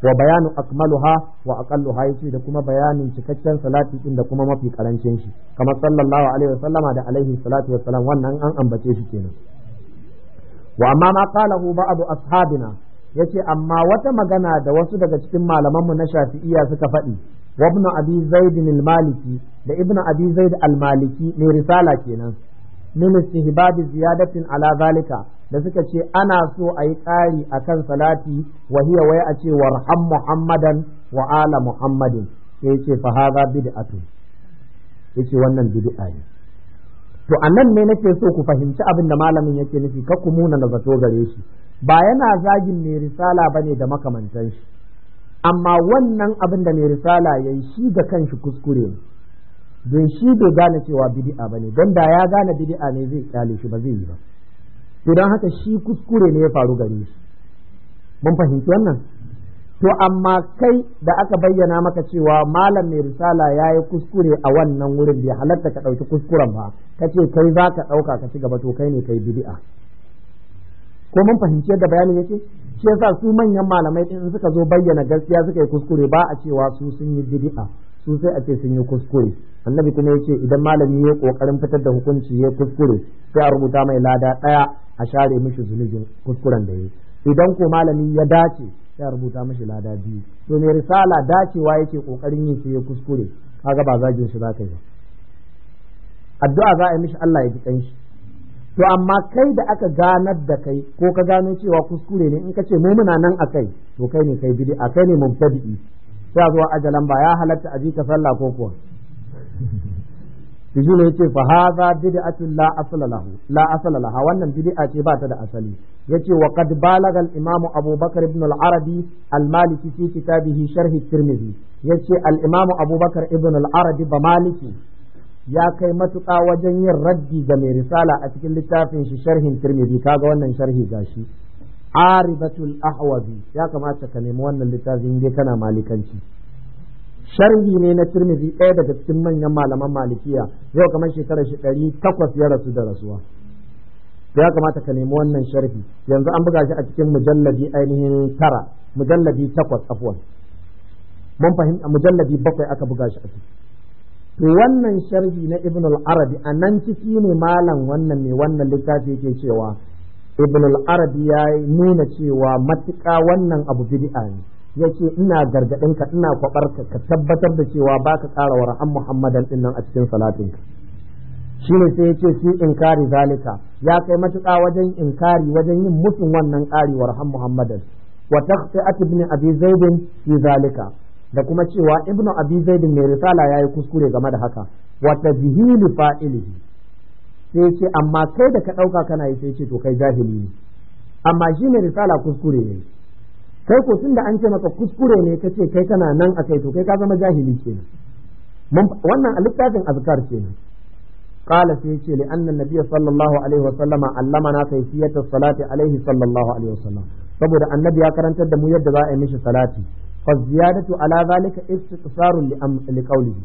wa bayanu akmaluha wa aqalluha yace da kuma bayanin cikakken salati din da kuma mafi karancin shi kamar sallallahu alaihi wa sallama da alaihi salatu sallam, wannan an ambace shi kenan wa amma ma qalahu ba'du ashabina yace amma wata magana da wasu daga cikin malamanmu na shafi'iya suka faɗi wa ibn abi zaid al-maliki da ibn abi zaid al-maliki risala kenan min istihbab ziyadatin ala zalika da suka ce ana so a yi ƙari akan salati wa hiya wai a ce warham muhammadan wa ala muhammadin sai ce fa hadha bid'atu ce wannan bid'a ne to anan ne nake so ku fahimci abin da malamin yake nufi ka ku muna na zato gare shi ba yana zagin mai risala bane da makamantan shi amma wannan abin da mai risala ya yi shi da kanshi kuskure ne don shi bai gane cewa bid'a bane don da ya gane bid'a ne zai kyale shi ba zai yi ba to don haka shi kuskure ne ya faru gare shi mun fahimci wannan to amma kai da aka bayyana maka cewa malam mai risala ya yi kuskure a wannan wurin bai halatta ka ɗauki kuskuren ba ka ce kai za ka ɗauka ka ci gaba to kai ne kai bid'a ko mun fahimci yadda bayanin yake shi yasa su manyan malamai din suka zo bayyana gaskiya suka yi kuskure ba a cewa su sun yi bid'a su sai a ce sun yi kuskure annabi kuma ya ce idan malami ya kokarin fitar da hukunci ya kuskure sai a rubuta mai lada daya a share mishi zulubin kuskuren da ya idan ko malami ya dace sai a rubuta mishi lada biyu to mai risala dacewa yake kokarin yin sai ya kuskure kaga ba zagin shi zaka yi ba addu'a za a yi mishi Allah ya ji kanshi to amma kai da aka ganar da kai ko ka gano cewa kuskure ne in ka ce mu muna nan kai to kai ne kai a kai ne mubtadi'i sai zuwa ajalan ba ya halatta a ka sallah ko kuwa shi ne yace fa hadha bid'atun la asla lahu la asla laha wannan bid'a ce ba ta da asali yace wa qad balagha al imam abu bakr ibn al arabi al maliki fi kitabihi sharh at tirmidhi yace al imam abu bakr ibn al arabi ba maliki ya kai matuƙa wajen yin raddi ga mai risala a cikin littafin shi sharhin tirmidhi kaga wannan sharhi gashi aribatul ahwazi ya kamata ka nemi wannan littafin dai kana malikanci sharhi ne na tirmidhi ɗaya daga cikin manyan malaman malikiya yau kamar shekarar shi ɗari takwas ya rasu da rasuwa ya kamata ka nemi wannan sharhi yanzu an buga shi a cikin mujalladi ainihin tara mujalladi takwas afwan mun fahimta mujalladi bakwai aka buga shi a ciki to wannan sharhi na ibn al-arabi a nan ciki ne malam wannan ne wannan littafi yake cewa ibn al-arabi ya nuna cewa matuƙa wannan abu bid'a ne yace ina gargadin ka ina kwabar ka ka tabbatar da cewa baka ƙara wa ra'an muhammadan dinnan a cikin salatin ka shine sai yace fi inkari zalika ya kai matuƙa wajen inkari wajen yin mutum wannan ƙari wa ra'an muhammadan wa taqti'at ibn abi zaid fi zalika da kuma cewa ibnu abi zaidin mai risala yayi kuskure game da haka wa tajhilu fa'ilihi sai ce amma kai da ka dauka kana yi sai ce to kai jahili ne amma shi mai risala kuskure ne kai ko tunda an ce maka kuskure ne kace kai kana nan akai to kai ka zama jahili ce wannan a littafin azkar kenan قال سيتي لأن النبي صلى الله عليه وسلم علمنا كيفية salati alaihi sallallahu alaihi wa sallam, saboda annabi ya karantar da mu yadda za a yi mishi salati فالزيادة على ذلك استقصار لقوله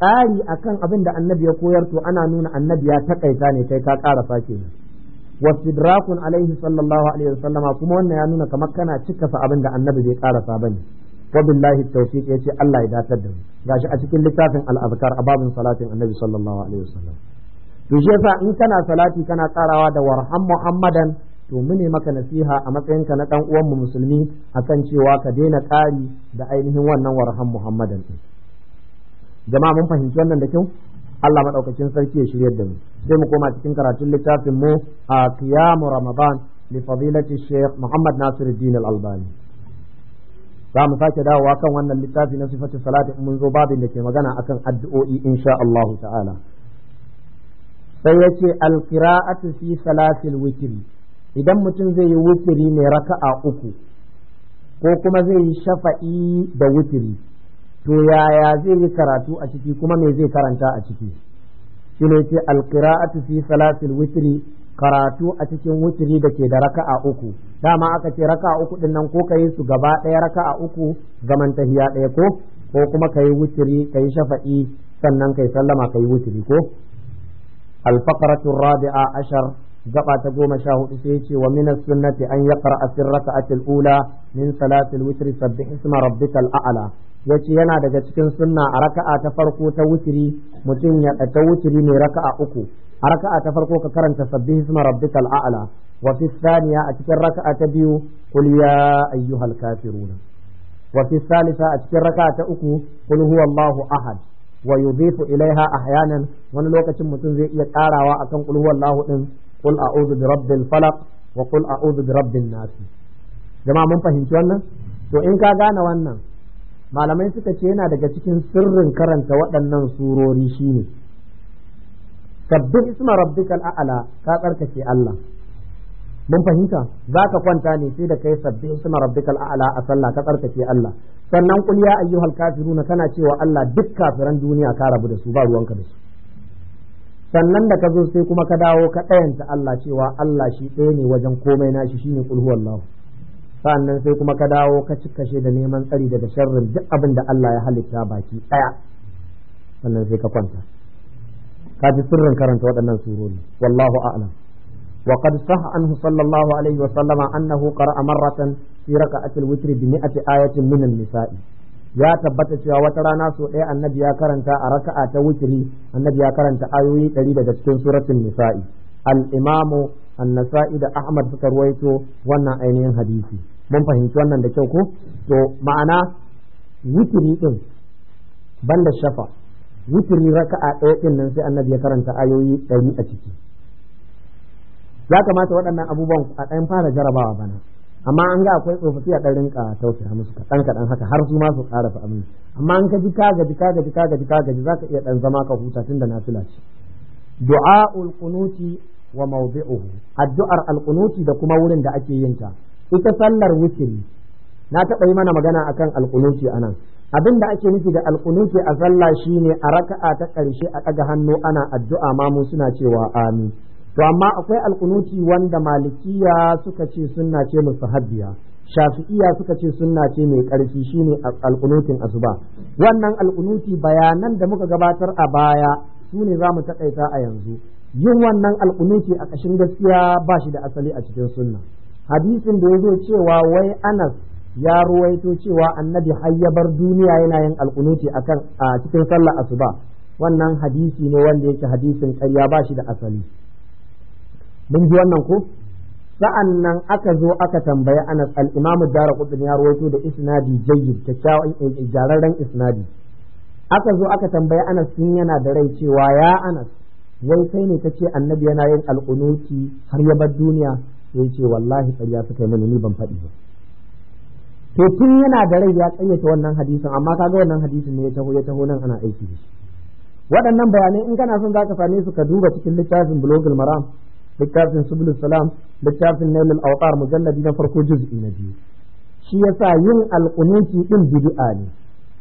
ƙari akan abin da annabi ya koyar to ana nuna annabi ya takaita ne kai ka ƙara sake ne wasidrakun alaihi sallallahu alaihi wasallama kuma wannan ya nuna kamar kana cika sa abin da annabi bai ƙarasa bane wa billahi ya ce Allah ya datar da Ga shi a cikin littafin al-azkar a babin salatin annabi sallallahu alaihi wasallam to shi in kana salati kana karawa da warhan muhammadan to mu ne maka nasiha a matsayinka na dan uwanmu musulmi akan cewa ka daina ƙari da ainihin wannan warhan muhammadan jama'a mun fahimci wannan da kyau Allah madaukakin sarki ya shiryar da mu sai mu koma cikin karatun littafin mu a qiyamu ramadan li fadilati shaykh muhammad nasiruddin al-albani za mu sake dawowa kan wannan littafi na sifatu salati mun zo babin da ke magana akan addu'o'i insha Allah ta'ala sai yace al-qira'atu fi salatil witri idan mutum zai yi wuturi mai raka'a uku ko kuma zai yi shafa'i da wuturi to yaya zai yi karatu a ciki kuma me zai karanta a ciki shi ne ce alqira'atu fi salatil witri karatu a cikin wuturi da ke da raka'a uku dama aka ce raka'a uku din nan ko kayi su gaba ɗaya raka'a uku zaman tahiya ɗaya ko ko kuma kayi wutiri kayi shafa'i sannan kai sallama kayi wuturi ko الفقرة Rabi'a ashar. gaba ta goma sha hudu sai ce wa min sunnati an yaqra fi rak'ati al-ula min salati al-witr sabbih isma rabbikal a'la yace yana daga cikin sunna a raka'a ta farko ta wutiri mutum ya ta wutiri ne raka'a uku a raka'a ta farko ka karanta sabbih isma rabbikal a'la wa fi thaniya a cikin raka'a ta biyu qul ya ayyuhal kafiruna wa fi thalitha a cikin raka'a ta uku qul huwallahu ahad wa yudhifu ilaiha ahyanan wani lokacin mutum zai iya karawa akan qul huwallahu din qul a'udhu bi rabbil falaq wa qul a'udhu bi rabbin nas jama'a mun fahimci wannan to in ka gane wannan malamai suka ce yana daga cikin sirrin karanta waɗannan surori shine sabbin isma rabbikal a'la ka tsarkake Allah mun fahimta za ka kwanta ne sai da kai sabbi isma rabbikal a'la a sallah ka tsarkake Allah sannan kul ya ayyuhal kafiruna kana cewa Allah duk kafiran duniya ka rabu da su ba ruwanka da su sannan da ka zo sai kuma ka dawo ka ɗayanta Allah cewa Allah shi ɗaya ne wajen komai nashi shine kul huwallahu sannan sai kuma ka dawo ka ci da neman tsari daga sharrin duk abin da Allah ya halitta baki ɗaya sannan sai ka kwanta ka ji sirrin karanta waɗannan surori wallahu a'lam wa qad sah anhu sallallahu alaihi wa sallama annahu qara'a marratan fi raka'atil witri bi mi'ati ayatin min an-nisa'i ya tabbata cewa wata rana so ɗaya annabi ya karanta a raka'a ta wukiri annabi ya karanta ayoyi ɗari daga cikin suratul nisa'i al-imamu an-nasa'i da ahmad suka ruwaito wannan ainihin hadisi mun fahimci wannan da kyau ko to ma'ana witri din banda shafa wukiri raka'a ɗaya din nan sai annabi ya karanta ayoyi ɗari a ciki ya kamata waɗannan abubuwan a ɗayan fara jarabawa bana amma an ga akwai tsofaffi a ɗan rinka tausaya musu kaɗan kaɗan haka har su ma su ƙara mini amma an ka ji ka gaji ka gaji ka gaji ka gaji za ka iya ɗan zama ka huta tun da na fila ce du'a'ul qunuti wa mawdi'uhu addu'ar alqunuti da kuma wurin da ake yin ta ita sallar wikiri na taɓa yi mana magana akan a anan abin da ake nufi da alqunuti a sallah shine a raka'a ta ƙarshe a ɗaga hannu ana addu'a ma mu suna cewa amin to amma akwai alkunuti wanda malikiya suka ce sunna ce mustahabbiya shafi'iya suka ce sunna ce mai ƙarfi shine alkunutin asuba wannan alkunuti bayanan da muka gabatar a baya sune ne za mu taƙaita a yanzu yin wannan alkunuti a ƙashin gaskiya ba shi da asali a cikin sunna hadisin da ya zo cewa wai anas ya ruwaito cewa annabi hayyabar duniya yana yin alkunuti akan a cikin sallar asuba wannan hadisi ne wanda yake hadisin ƙarya ba shi da asali mun ji wannan ko sa'an nan aka zo aka tambayi anas al'imamu dara kudin ya rawaito da isnadi jayyid kyawun jararren eh, eh, isnadi aka zo aka tambaya anas sun yana da rai cewa ya anas wai sai ne kace annabi yana yin alƙunuti har ya bar duniya sai ce wallahi ƙarya suka yi mini ni ban faɗi ba to tun yana da rai ya kayyata wannan hadisin amma kaga wannan hadisin ne ya taho ya taho nan ana aiki waɗannan bayanai in kana son zaka same su ka duba cikin littafin blogul maram littafin subul salam littafin nailul awqar mujalladi na farko juz'i na biyu shi yasa yin alqunuti din bid'a ne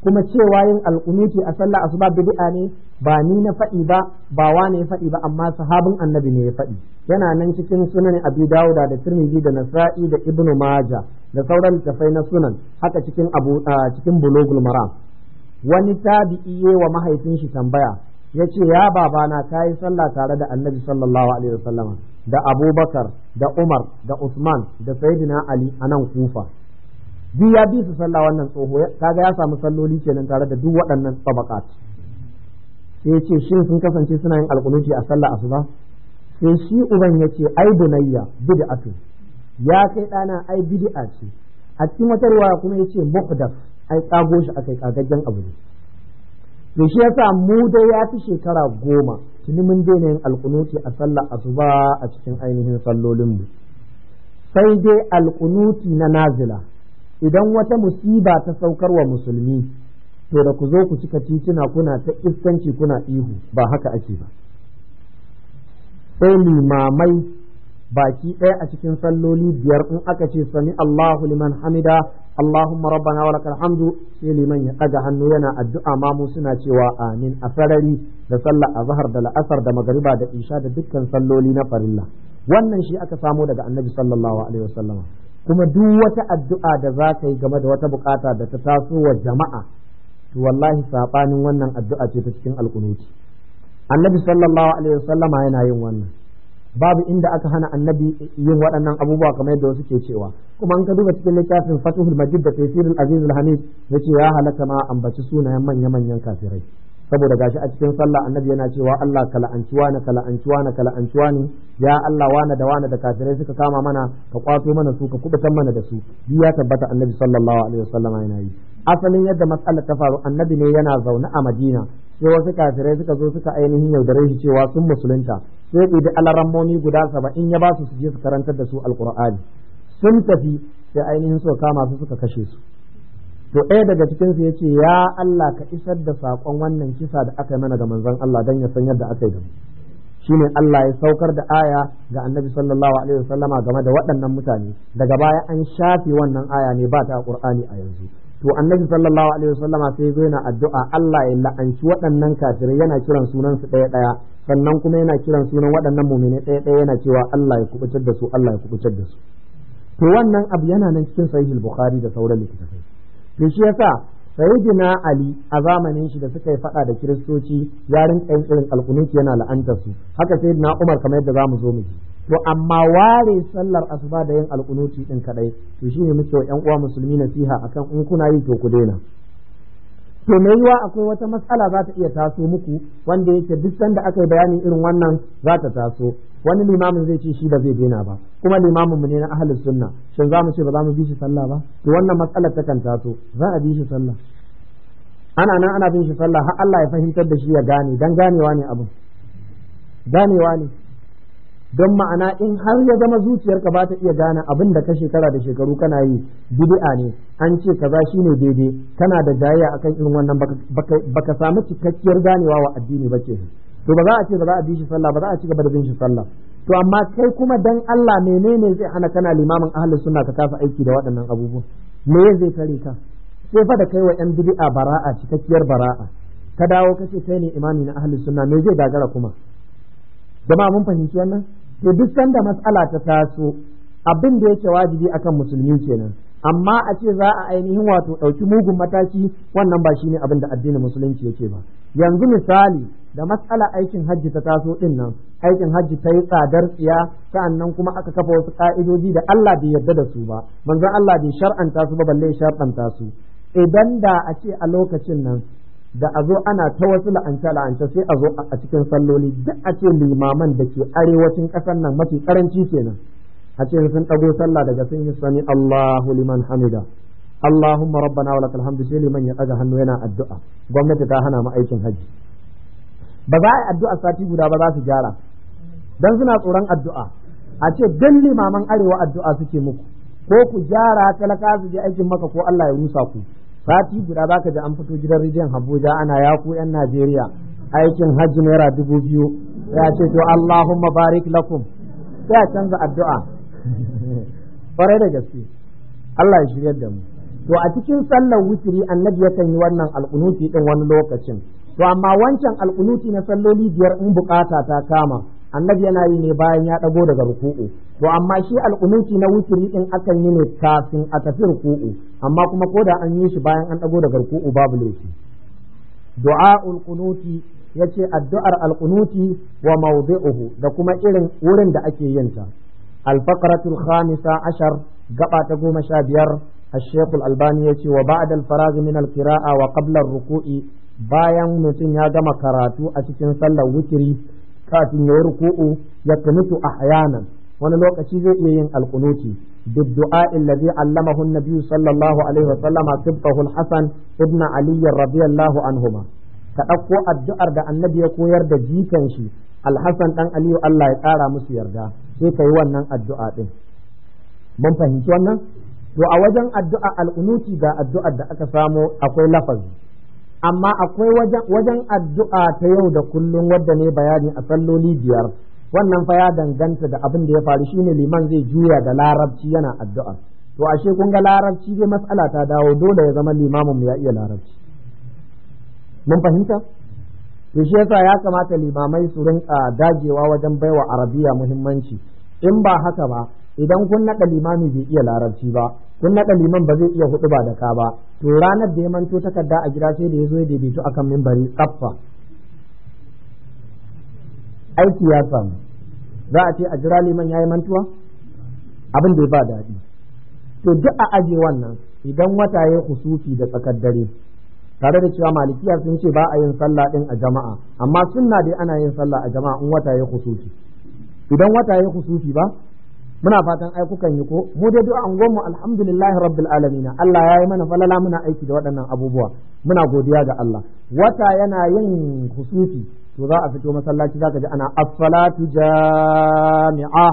kuma cewa yin alqunuti a sallah asuba bid'a ne ba ni na faɗi ba ba wane ya faɗi ba amma sahabin annabi ne ya faɗi yana nan cikin sunan abi dawuda da tirmidhi da nasa'i da ibnu maja da sauran tafai na sunan haka cikin abu cikin bulugul maram wani tabi'i wa mahaifin shi tambaya ya ce ya babana ka yi sallah tare da annabi sallallahu alaihi da abubakar da umar da usman da sayyidina ali a nan kufa bi ya bi su sallah wannan tsoho kaga ya samu salloli kenan tare da duk waɗannan tabakat sai ya ce shin sun kasance suna yin alkunuti a sallah asuba sai shi uban ya ce ai bunayya bid'atu ya kai ɗana ai bid'a ce a cikin wata ruwaya kuma ya ce muhdaf ai tsago shi akai kagaggen abu ne to shi yasa mu dai ya fi shekara goma tuni mun daina yin alkunuti a sallar asuba a cikin ainihin sallolin mu sai dai alkunuti na nazila idan wata musiba ta saukar wa musulmi to da ku zo ku cika tituna kuna ta iskanci kuna ihu ba haka ake ba sai limamai baki ɗaya a cikin salloli biyar in aka ce sami Allahu liman hamida Allahumma rabbana wa lakal hamdu sai ya ɗaga hannu yana addu'a ma mu cewa amin a sarari da sallah azhar da la'asar da magariba da isha da dukkan salloli na farilla wannan shi aka samo daga annabi sallallahu alaihi wasallama kuma duk wata addu'a da za ka yi game da wata bukata da ta tasowa jama'a to wallahi sabanin wannan addu'a ce ta cikin alkunuti annabi sallallahu alaihi yana yin wannan babu inda aka hana annabi yin waɗannan abubuwa kamar yadda wasu cewa kuma an ka duba cikin littafin fatuhul majid da tafsirul aziz al hamid yace ya halaka ma ambaci sunayen manya manyan kafirai saboda gashi a cikin sallah annabi yana cewa Allah kala ancuwa na kala ancuwa na kala ancuwa ne ya Allah wana da wana da kafirai suka kama mana ka kwato mana su ka kubutan mana da su ya tabbata annabi sallallahu alaihi wasallam yana yi asalin yadda matsalar ta faru annabi ne yana zaune a Madina sai wasu kafirai suka zo suka ainihin yaudare shi cewa sun musulunta sai bi alarammomi guda saba'in ya ba su su je su karantar da su alkur'ani sun tafi sai ainihin suka kama su suka kashe su to ɗaya daga cikin su yace ya Allah ka isar da saƙon wannan kisa da aka yi mana ga manzon Allah dan ya san yadda aka yi da mu shine Allah ya saukar da aya ga Annabi sallallahu alaihi wasallama game da waɗannan mutane daga baya an shafe wannan aya ne ba ta Qur'ani a yanzu to annabi sallallahu alaihi wasallama sai zo yana addu'a Allah ya la'anci waɗannan kafirai yana kiran sunan su ɗaya ɗaya sannan kuma yana kiran sunan waɗannan mu'minai ɗaya ɗaya yana cewa Allah ya kubutar da su Allah ya kubutar da su to wannan abu yana nan cikin sahih bukhari da sauran littattafai to shi yasa sayyidina ali a zamanin shi da suka yi fada da kiristoci yarin rinka yin irin yana la'antar su haka sayyidina umar kamar yadda zamu zo mu ji to amma ware sallar asuba da yin alkunuti din kadai to shine muke wa ƴan uwa musulmi nasiha akan in kuna yi to ku daina to mai yiwa akwai wata matsala za ta iya taso muku wanda yake duk sanda aka yi bayani irin wannan za ta taso wani limamin zai ce shi ba zai daina ba kuma limamin mu ne na ahli sunna shin za mu ce ba za mu bi shi sallah ba to wannan matsalar ta kan taso za a bi shi sallah ana nan ana bin shi sallah har Allah ya fahimtar da shi ya gane dan ganewa ne abu? ganewa ne don ma'ana in har ya zama zuciyarka ba ta iya gane abin da ka shekara da shekaru kana yi bid'a ne an ce kaza ne daidai kana da jayayya akan irin wannan baka samu cikakkiyar ganewa wa addini ba ce to ba za a ce ba za a bi shi sallah ba za a ci gaba da bin shi sallah to amma kai kuma dan Allah menene zai hana kana limamin ahli sunna ka kasa aiki da waɗannan abubuwan me zai kare ka sai fa da kai wa yan bid'a bara'a cikakkiyar bara'a ka dawo kace kai ne imami na ahli sunna me zai dagara kuma jama'a mun fahimci wannan to duk sanda matsala ta taso abin da yake wajibi akan musulmi kenan amma a ce za a ainihin wato ɗauki mugun mataki wannan ba shine abin da addinin musulunci yake ba yanzu misali da matsala aikin hajji ta taso din nan aikin hajji ta yi tsadar tsiya sa'annan kuma aka kafa wasu ka'idoji da Allah bai yarda da su ba manzon Allah bai shar'anta su ba balle shar'anta su idan da a ce a lokacin nan da a zo ana ta wasu la'anta la'anta sai a zo a cikin salloli duk a ce limaman da ke arewacin ƙasar nan mafi karanci kenan a ce sun ɗago sallah daga sun yi sani Allahu liman hamida Allahumma rabbana wa lakal hamdu sai liman ya ɗaga hannu yana addu'a gwamnati ta hana mu aikin hajji. ba za a yi addu'a sati guda ba za su gyara dan suna tsoron addu'a a ce dan limaman arewa addu'a suke muku ko ku gyara talaka su je aikin maka ko Allah ya rusa ku sati guda zaka ji an fito gidan rijiyar Abuja ana ya ku yan Najeriya aikin hajji naira dubu biyu Ya ce to Allahumma barik lakum sai a canza addu'a kwarai da gaske Allah ya shirya da mu to a cikin sallar wutiri annabi yakan yi wannan alkunuti din wani lokacin to amma wancan alkunuti na salloli biyar in bukata ta kama annabi yana yi ne bayan ya dago daga ruku'u to amma shi alƙunuti na wukiri din akan yi ne kafin a tafi ruku'u amma kuma ko da an yi shi bayan an dago daga ruku'u babu laifi du'a'ul qunuti yace addu'ar alqunuti wa mawdi'uhu da kuma irin wurin da ake yin ta al-faqratul khamisa ashar gaba ta goma sha biyar الشيخ الألباني يقول وبعد الفراغ من القراءة وقبل الركوع bayan mutum ya gama karatu a cikin sallar kafin ya ruku'u ya kunutu ahyanan wani lokaci zai iya yin alkunuti بالدعاء الذي علمه النبي صلى الله عليه وسلم طبقه الحسن ابن علي رضي anhuma عنهما كأقوى addu'ar da annabi ya koyar da jikan shi alhassan dan aliyu Allah ya kara musu yarda sai kai wannan addu'a din mun fahimci wannan to a wajen addu'a alkunuti ga addu'ar da aka samo akwai lafazi amma akwai wajen addu'a ta yau da kullum wadda ne bayani a salloli biyar wannan fa ya danganta da abin da ya faru shi ne liman zai juya da larabci yana addu'a to ashe kun ga larabci dai matsala ta dawo dole ya zama limamin mu ya iya larabci mun fahimta to shi yasa ya kamata limamai su rinka dagewa wajen baiwa arabiya muhimmanci in ba haka ba idan kun naɗa limami bai iya larabci ba kun naɗa liman ba zai iya hudu ba da ka ba to ranar da ya manto takarda a gida sai da ya zo ya daidaito akan mimbari tsaffa aiki ya samu za a ce a jira liman ya yi mantuwa abin da ya ba daɗi to duk a aje wannan idan wata ya kusufi da tsakar dare tare da cewa malikiya sun ce ba a yin sallah ɗin a jama'a amma sunna dai ana yin sallah a jama'a in wata ya kusufi idan wata ya kusufi ba muna fatan ai kukan yi ko mu dai du'a angon mu alhamdulillah rabbil alamin Allah yayi mana falala muna aiki da waɗannan abubuwa muna godiya ga Allah wata yana yin hususi to za a fito masallaci zaka ji ana as-salatu jami'a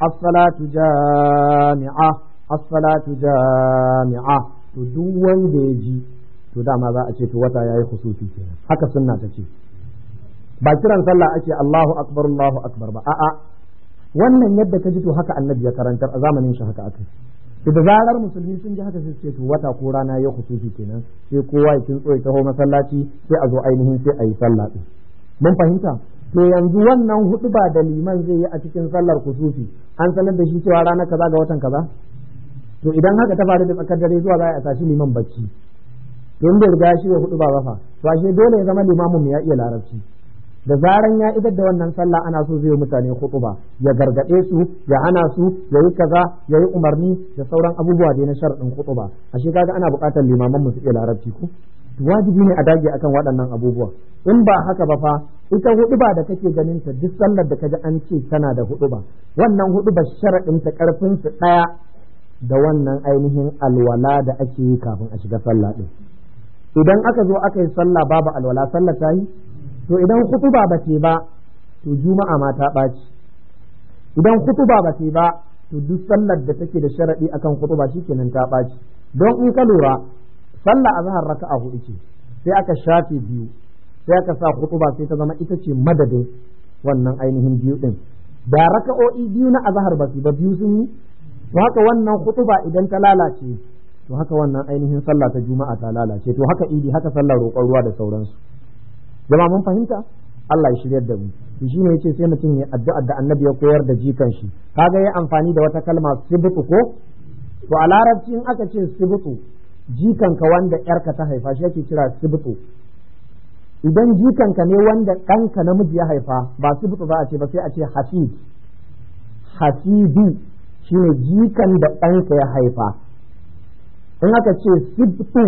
as-salatu jami'a as-salatu jami'a to duk wanda ya ji to dama za a ce to wata yayi hususi kenan haka sunna ta ce ba kiran sallah ake Allahu akbar Allahu akbar ba a'a wannan yadda ka ji to haka annabi ya karantar a zamanin shi haka aka to da zarar musulmi sun ji haka sai su ce to wata ko rana ya khususi kenan sai kowa ya kintso ya taho masallaci sai a zo ainihin sai a yi sallah din mun fahimta to yanzu wannan huɗuba da liman zai yi a cikin sallar kusufi an sanar da shi cewa rana kaza ga watan kaza to idan haka ta faru da tsakar dare zuwa za a tashi liman bacci to inda riga shi ya huɗuba ba fa to ashe dole ya zama limamin ya iya larabci da zaran ya idar da wannan sallah ana so zai mutane khutuba ya gargade su ya hana su ya yi kaza ya yi umarni da sauran abubuwa da na sharadin khutuba ashe kaga ana bukatar limaman mu su iya larabci ku. wajibi ne a dage akan waɗannan abubuwa in ba haka ba fa ita huduba da kake ganin ta duk sallar da kaji an ce tana da huduba wannan huduba sharadin ta karfin su daya da wannan ainihin alwala da ake yi kafin a shiga sallah din idan aka zo aka yi sallah babu alwala sallah ta yi to idan khutuba ba ce ba to juma'a ma ta ɓaci idan khutuba ba ce ba to duk sallar da take da sharadi akan khutuba shikenan ta ɓaci don in ka lura sallah azhar raka'a hudu ce sai aka shafe biyu sai aka sa khutuba sai ta zama ita ce madadin wannan ainihin biyu din da raka'o'i biyu na azhar ba ba biyu sun yi to haka wannan khutuba idan ta lalace to haka wannan ainihin sallah ta juma'a ta lalace to haka idi haka sallar roƙon ruwa da sauransu zama mun fahimta Allah ya shiryar da mu shi shine yace sai mutum ya addu'a da annabi ya koyar da jikan shi kaga yayi amfani da wata kalma sibutu ko to a larabci in aka ce sibutu jikanka wanda yarka ta haifa shi ake kira sibutu idan jikanka ne wanda ɗanka namiji ya haifa ba sibutu za a ce ba sai a ce hasid hasidu shine jikan da ɗanka ya haifa in aka ce sibtu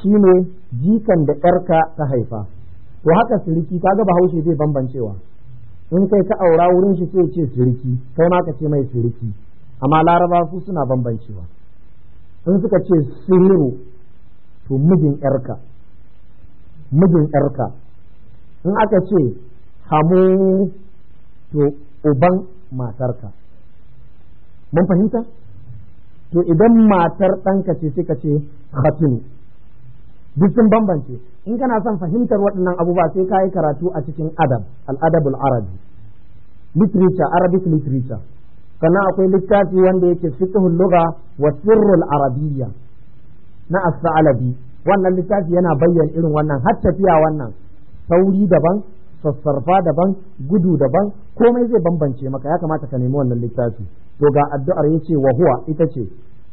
shine jikan da yarka ta haifa to haka siriki kaga bahaushe zai bambancewa in kai ka aura wurin shi sai ce siriki kai ma ka ce mai siriki amma laraba su suna bambancewa in suka ce siriru to mijin yarka mijin yarka in aka ce hamu to uban matarka mun fahimta to idan matar ɗanka ce sai ka ce hatinu duk sun bambance in kana son fahimtar waɗannan abubuwa sai ka yi karatu a cikin adab al'adabul arabi literature arabic literature sannan akwai littafi wanda yake fiqhul lugha wa sirrul arabiyya na as saalabi wannan littafi yana bayyana irin wannan har tafiya wannan sauri daban sassarfa daban gudu daban komai zai bambance maka ya kamata ka nemi wannan littafi to ga addu'ar yace wa huwa ita ce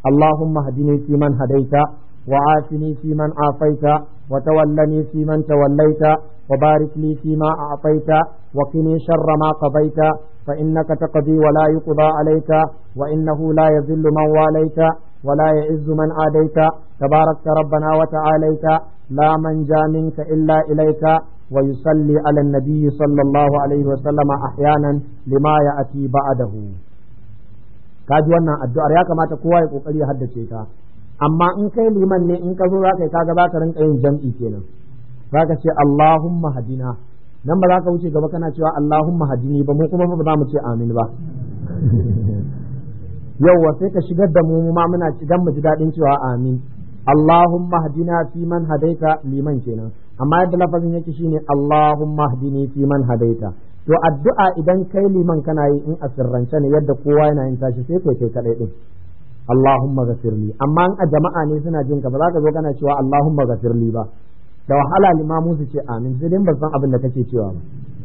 Allahumma hadini fi man hadaita wa afini fi man afaita وتولني فيمن توليت وبارك لي فيما أعطيت وقني شر ما قضيت فإنك تقضي ولا يقضى عليك وإنه لا يذل من واليت ولا يعز من عاديت تبارك ربنا وتعاليت لا منجا منك إلا إليك ويصلي على النبي صلى الله عليه وسلم أحيانا لما يأتي بعده kaji wannan addu'ar ya kamata kowa ya kokari ya haddace ta amma in kai liman ne in ka zo za ka yi kaga za ka rinka yin jam'i kenan za ka ce Allahumma hadina nan ba za ka wuce gaba kana cewa Allahumma hadini ba mu kuma ba za mu ce amin ba yawwa sai ka shigar da mu ma muna dan mu ji dadin cewa amin Allahumma hadina fi man hadaita liman kenan amma yadda lafazin yake shine Allahumma hadini fi man hadaita to addu'a idan kai liman kana yi in asirrance ne yadda kowa yana yin tashi sai kai kai kadai din Allahumma gafirli amma in a jama'a ne suna jin ka ba za ka zo kana cewa Allahumma gafirli ba da wahala limamu su ce amin sai dai ba san abin da kake cewa ba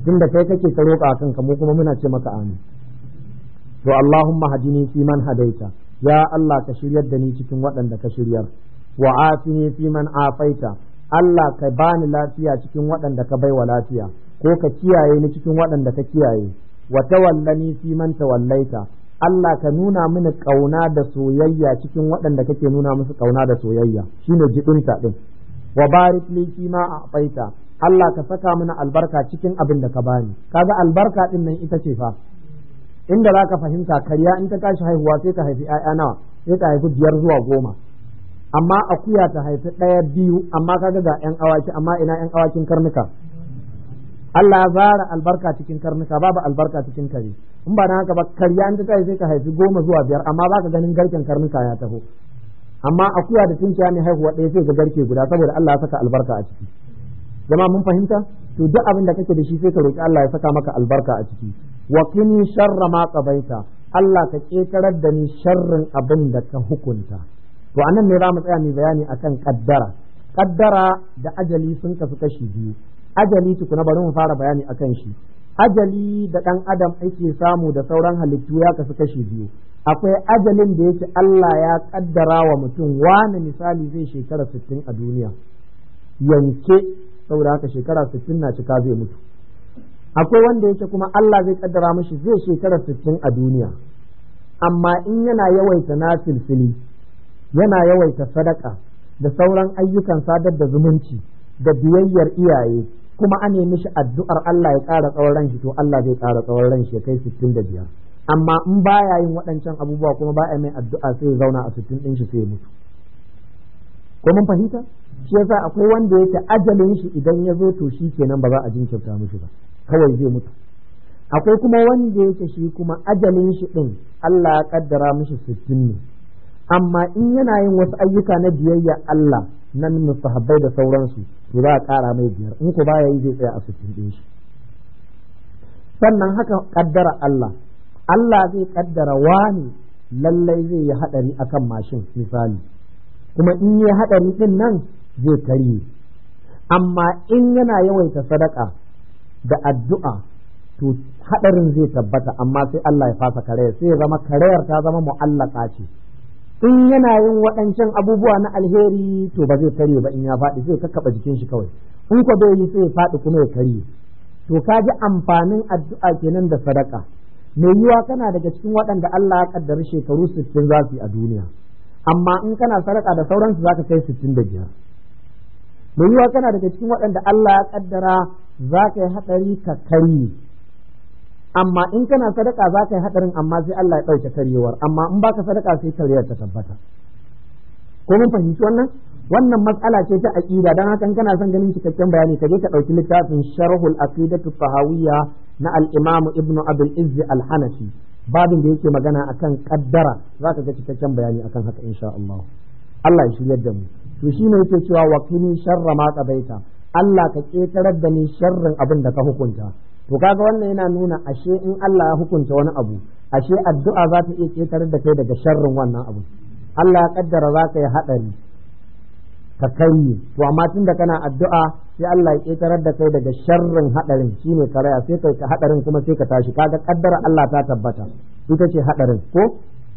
tunda kai kake ka roƙa kanka mu kuma muna ce maka amin to Allahumma hadini fi man hadaita ya Allah ka shiryar da ni cikin waɗanda ka shiryar wa afini fi man afaita Allah ka bani lafiya cikin waɗanda ka baiwa lafiya ko ka kiyaye ni cikin waɗanda ka kiyaye wa tawallani fi man tawallaita Allah ka nuna mini ƙauna da soyayya cikin waɗanda kake nuna musu ƙauna da soyayya shine jiɗinta ɗin wa barik li fima a'taita Allah ka saka mini albarka cikin abin da ka bani kaga albarka ɗin nan ita ce fa inda za ka fahimta karya in ta kashi haihuwa sai ta haifi ƴaƴa nawa sai ta haifi biyar zuwa goma amma akuya ta haifi ɗaya biyu amma kaga ga ƴan awaki amma ina ƴan awakin karnuka Allah ya zara albarka cikin karnuka babu albarka cikin kare in ba na haka ba karya an ta tsaye sai ka haifi goma zuwa biyar amma ba ka ganin garken karnuka ya taho amma akuya da tunciya ne haihuwa ɗaya sai ga garke guda saboda Allah ya saka albarka a ciki zama mun fahimta to duk abin da kake da shi sai ka roki Allah ya saka maka albarka a ciki wa kini sharra ma qabaita Allah ka ketarar da ni sharrin abin da ka hukunta to anan ne za mu tsaya mu bayani akan kaddara kaddara da ajali sun kasu kashi biyu ajali tukuna bari mu fara bayani akan shi ajali da ɗan adam ake samu da sauran halittu ya kasu kashi biyu akwai ajalin da yake Allah ya kaddara wa mutum wani misali zai shekara sittin a duniya yanke saboda haka shekara sittin na cika zai mutu akwai wanda yake kuma Allah zai kaddara mashi zai shekara sittin a duniya amma in yana yawaita na silsili yana yawaita sadaka da sauran ayyukan sadar da zumunci da biyayyar iyaye kuma an yi mishi addu'ar Allah ya ƙara tsawon ranshi shi to Allah zai ƙara tsawon ran ya kai sittin da biyar amma in ba ya yin waɗancan abubuwa kuma ba baya mai addu'a sai ya zauna a sittin ɗin shi sai ya mutu ko mun fahimta shi yasa akwai wanda yake ajalin shi idan ya zo to shi kenan ba za a jinkirta mishi ba kawai zai mutu akwai kuma wanda yake shi kuma ajalin shi ɗin Allah ya ƙaddara mishi sittin ne amma in yana yin wasu ayyuka na biyayya Allah Nan min sahabbai da sauransu to za a kara mai biyar in ku baya yi zai tsaya a sittin ɗin shi sannan haka kaddara Allah Allah zai kaddara wani lallai zai yi haɗari akan mashin misali kuma in yi haɗari din nan zai karye amma in yana yawaita sadaka da addu'a to haɗarin zai tabbata amma sai Allah ya fasa kare sai ya zama karayar ta zama mu'allaka ce in yana yin waɗancan abubuwa na alheri to ba zai karye ba in ya faɗi zai kakkaɓa jikin shi kawai in ko bai yi sai ya faɗi kuma ya karye to ka ji amfanin addu'a kenan da sadaka mai yiwa kana daga cikin waɗanda Allah ya kaddara shekaru sittin za su yi a duniya amma in kana sadaka da sauransu za ka kai sittin da mai yiwa kana daga cikin waɗanda Allah ya kaddara za ka yi haɗari ka karye amma in kana sadaka za ka yi hadarin amma sai Allah ya ɗauke karyewar amma in baka sadaka sai karyar ta tabbata ko mun fahimci wannan wannan matsala ce ta aqida dan haka kana son ganin cikakken bayani ka je ka ɗauki littafin sharhul aqidatu fahawiyya na al-imam ibn abul izz al-hanafi babin da yake magana akan kaddara za ka ga cikakken bayani akan haka insha Allah Allah ya shiryar da mu to shi ne yake cewa wa kini sharra ma qabaita Allah ka ketarar da ni sharrin abin da ka hukunta to kaga wannan yana nuna ashe in Allah ya hukunta wani abu ashe addu'a za ta iya ƙetare da kai daga sharrin wannan abu Allah ya kaddara za ka yi haɗari ka kai to amma tun da kana addu'a sai Allah ya ƙetare da kai daga sharrin haɗarin shine karaya sai kai ka haɗarin kuma sai ka tashi kaga kaddara Allah ta tabbata ita ce haɗarin ko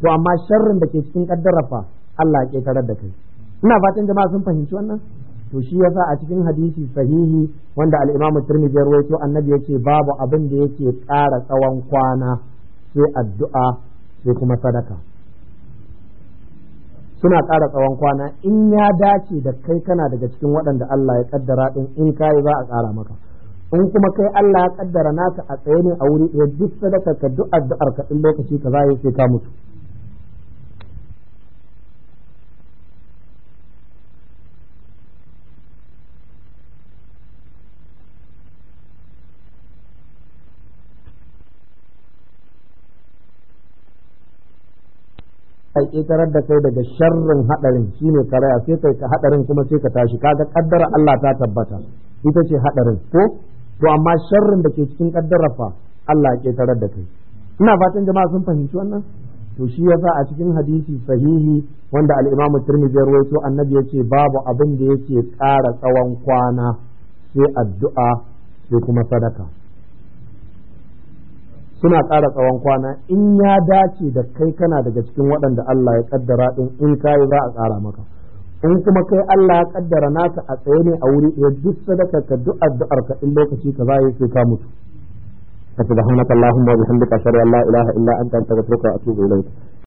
to amma sharrin da ke cikin kaddara fa Allah ya ƙetare da kai ina fatan jama'a sun fahimci wannan to shi yasa a cikin hadisi sahihi wanda al-Imam Tirmidhi ya rawaito annabi yake babu abin da yake ƙara tsawon kwana sai addu'a sai kuma sadaka suna ƙara tsawon kwana in ya dace da kai kana daga cikin waɗanda Allah ya kaddara din in kai za a ƙara maka in kuma kai Allah ya kaddara naka a tsaye ne a wuri ya duk sadaka ka duk addu'ar ka in lokaci ka za sai ka mutu a ƙetarar da kai daga sharrin haɗarin shi ne karaya sai ka haɗarin kuma sai ka tashi kaga kaddara Allah ta tabbata ita ce haɗarin ko to amma sharrin da ke cikin kaddara fa Allah ya ƙetarar da kai ina fatan jama'a sun fahimci wannan to shi yasa a cikin hadisi sahihi wanda al-Imam Tirmidhi ya rawaito annabi yace babu abin da yake ƙara tsawon kwana sai addu'a sai kuma sadaka suna ƙara tsawon kwana in ya dace da kai kana daga cikin waɗanda Allah ya kaddara din in kayi za a ƙara maka in kuma kai Allah ya kaddara naka a tsaye ne a wuri ɗaya duk sadaka ka duk addu'ar ka in lokaci ka za sai ka mutu subhanakallahumma wa bihamdika ashhadu an la ilaha illa anta astaghfiruka wa atubu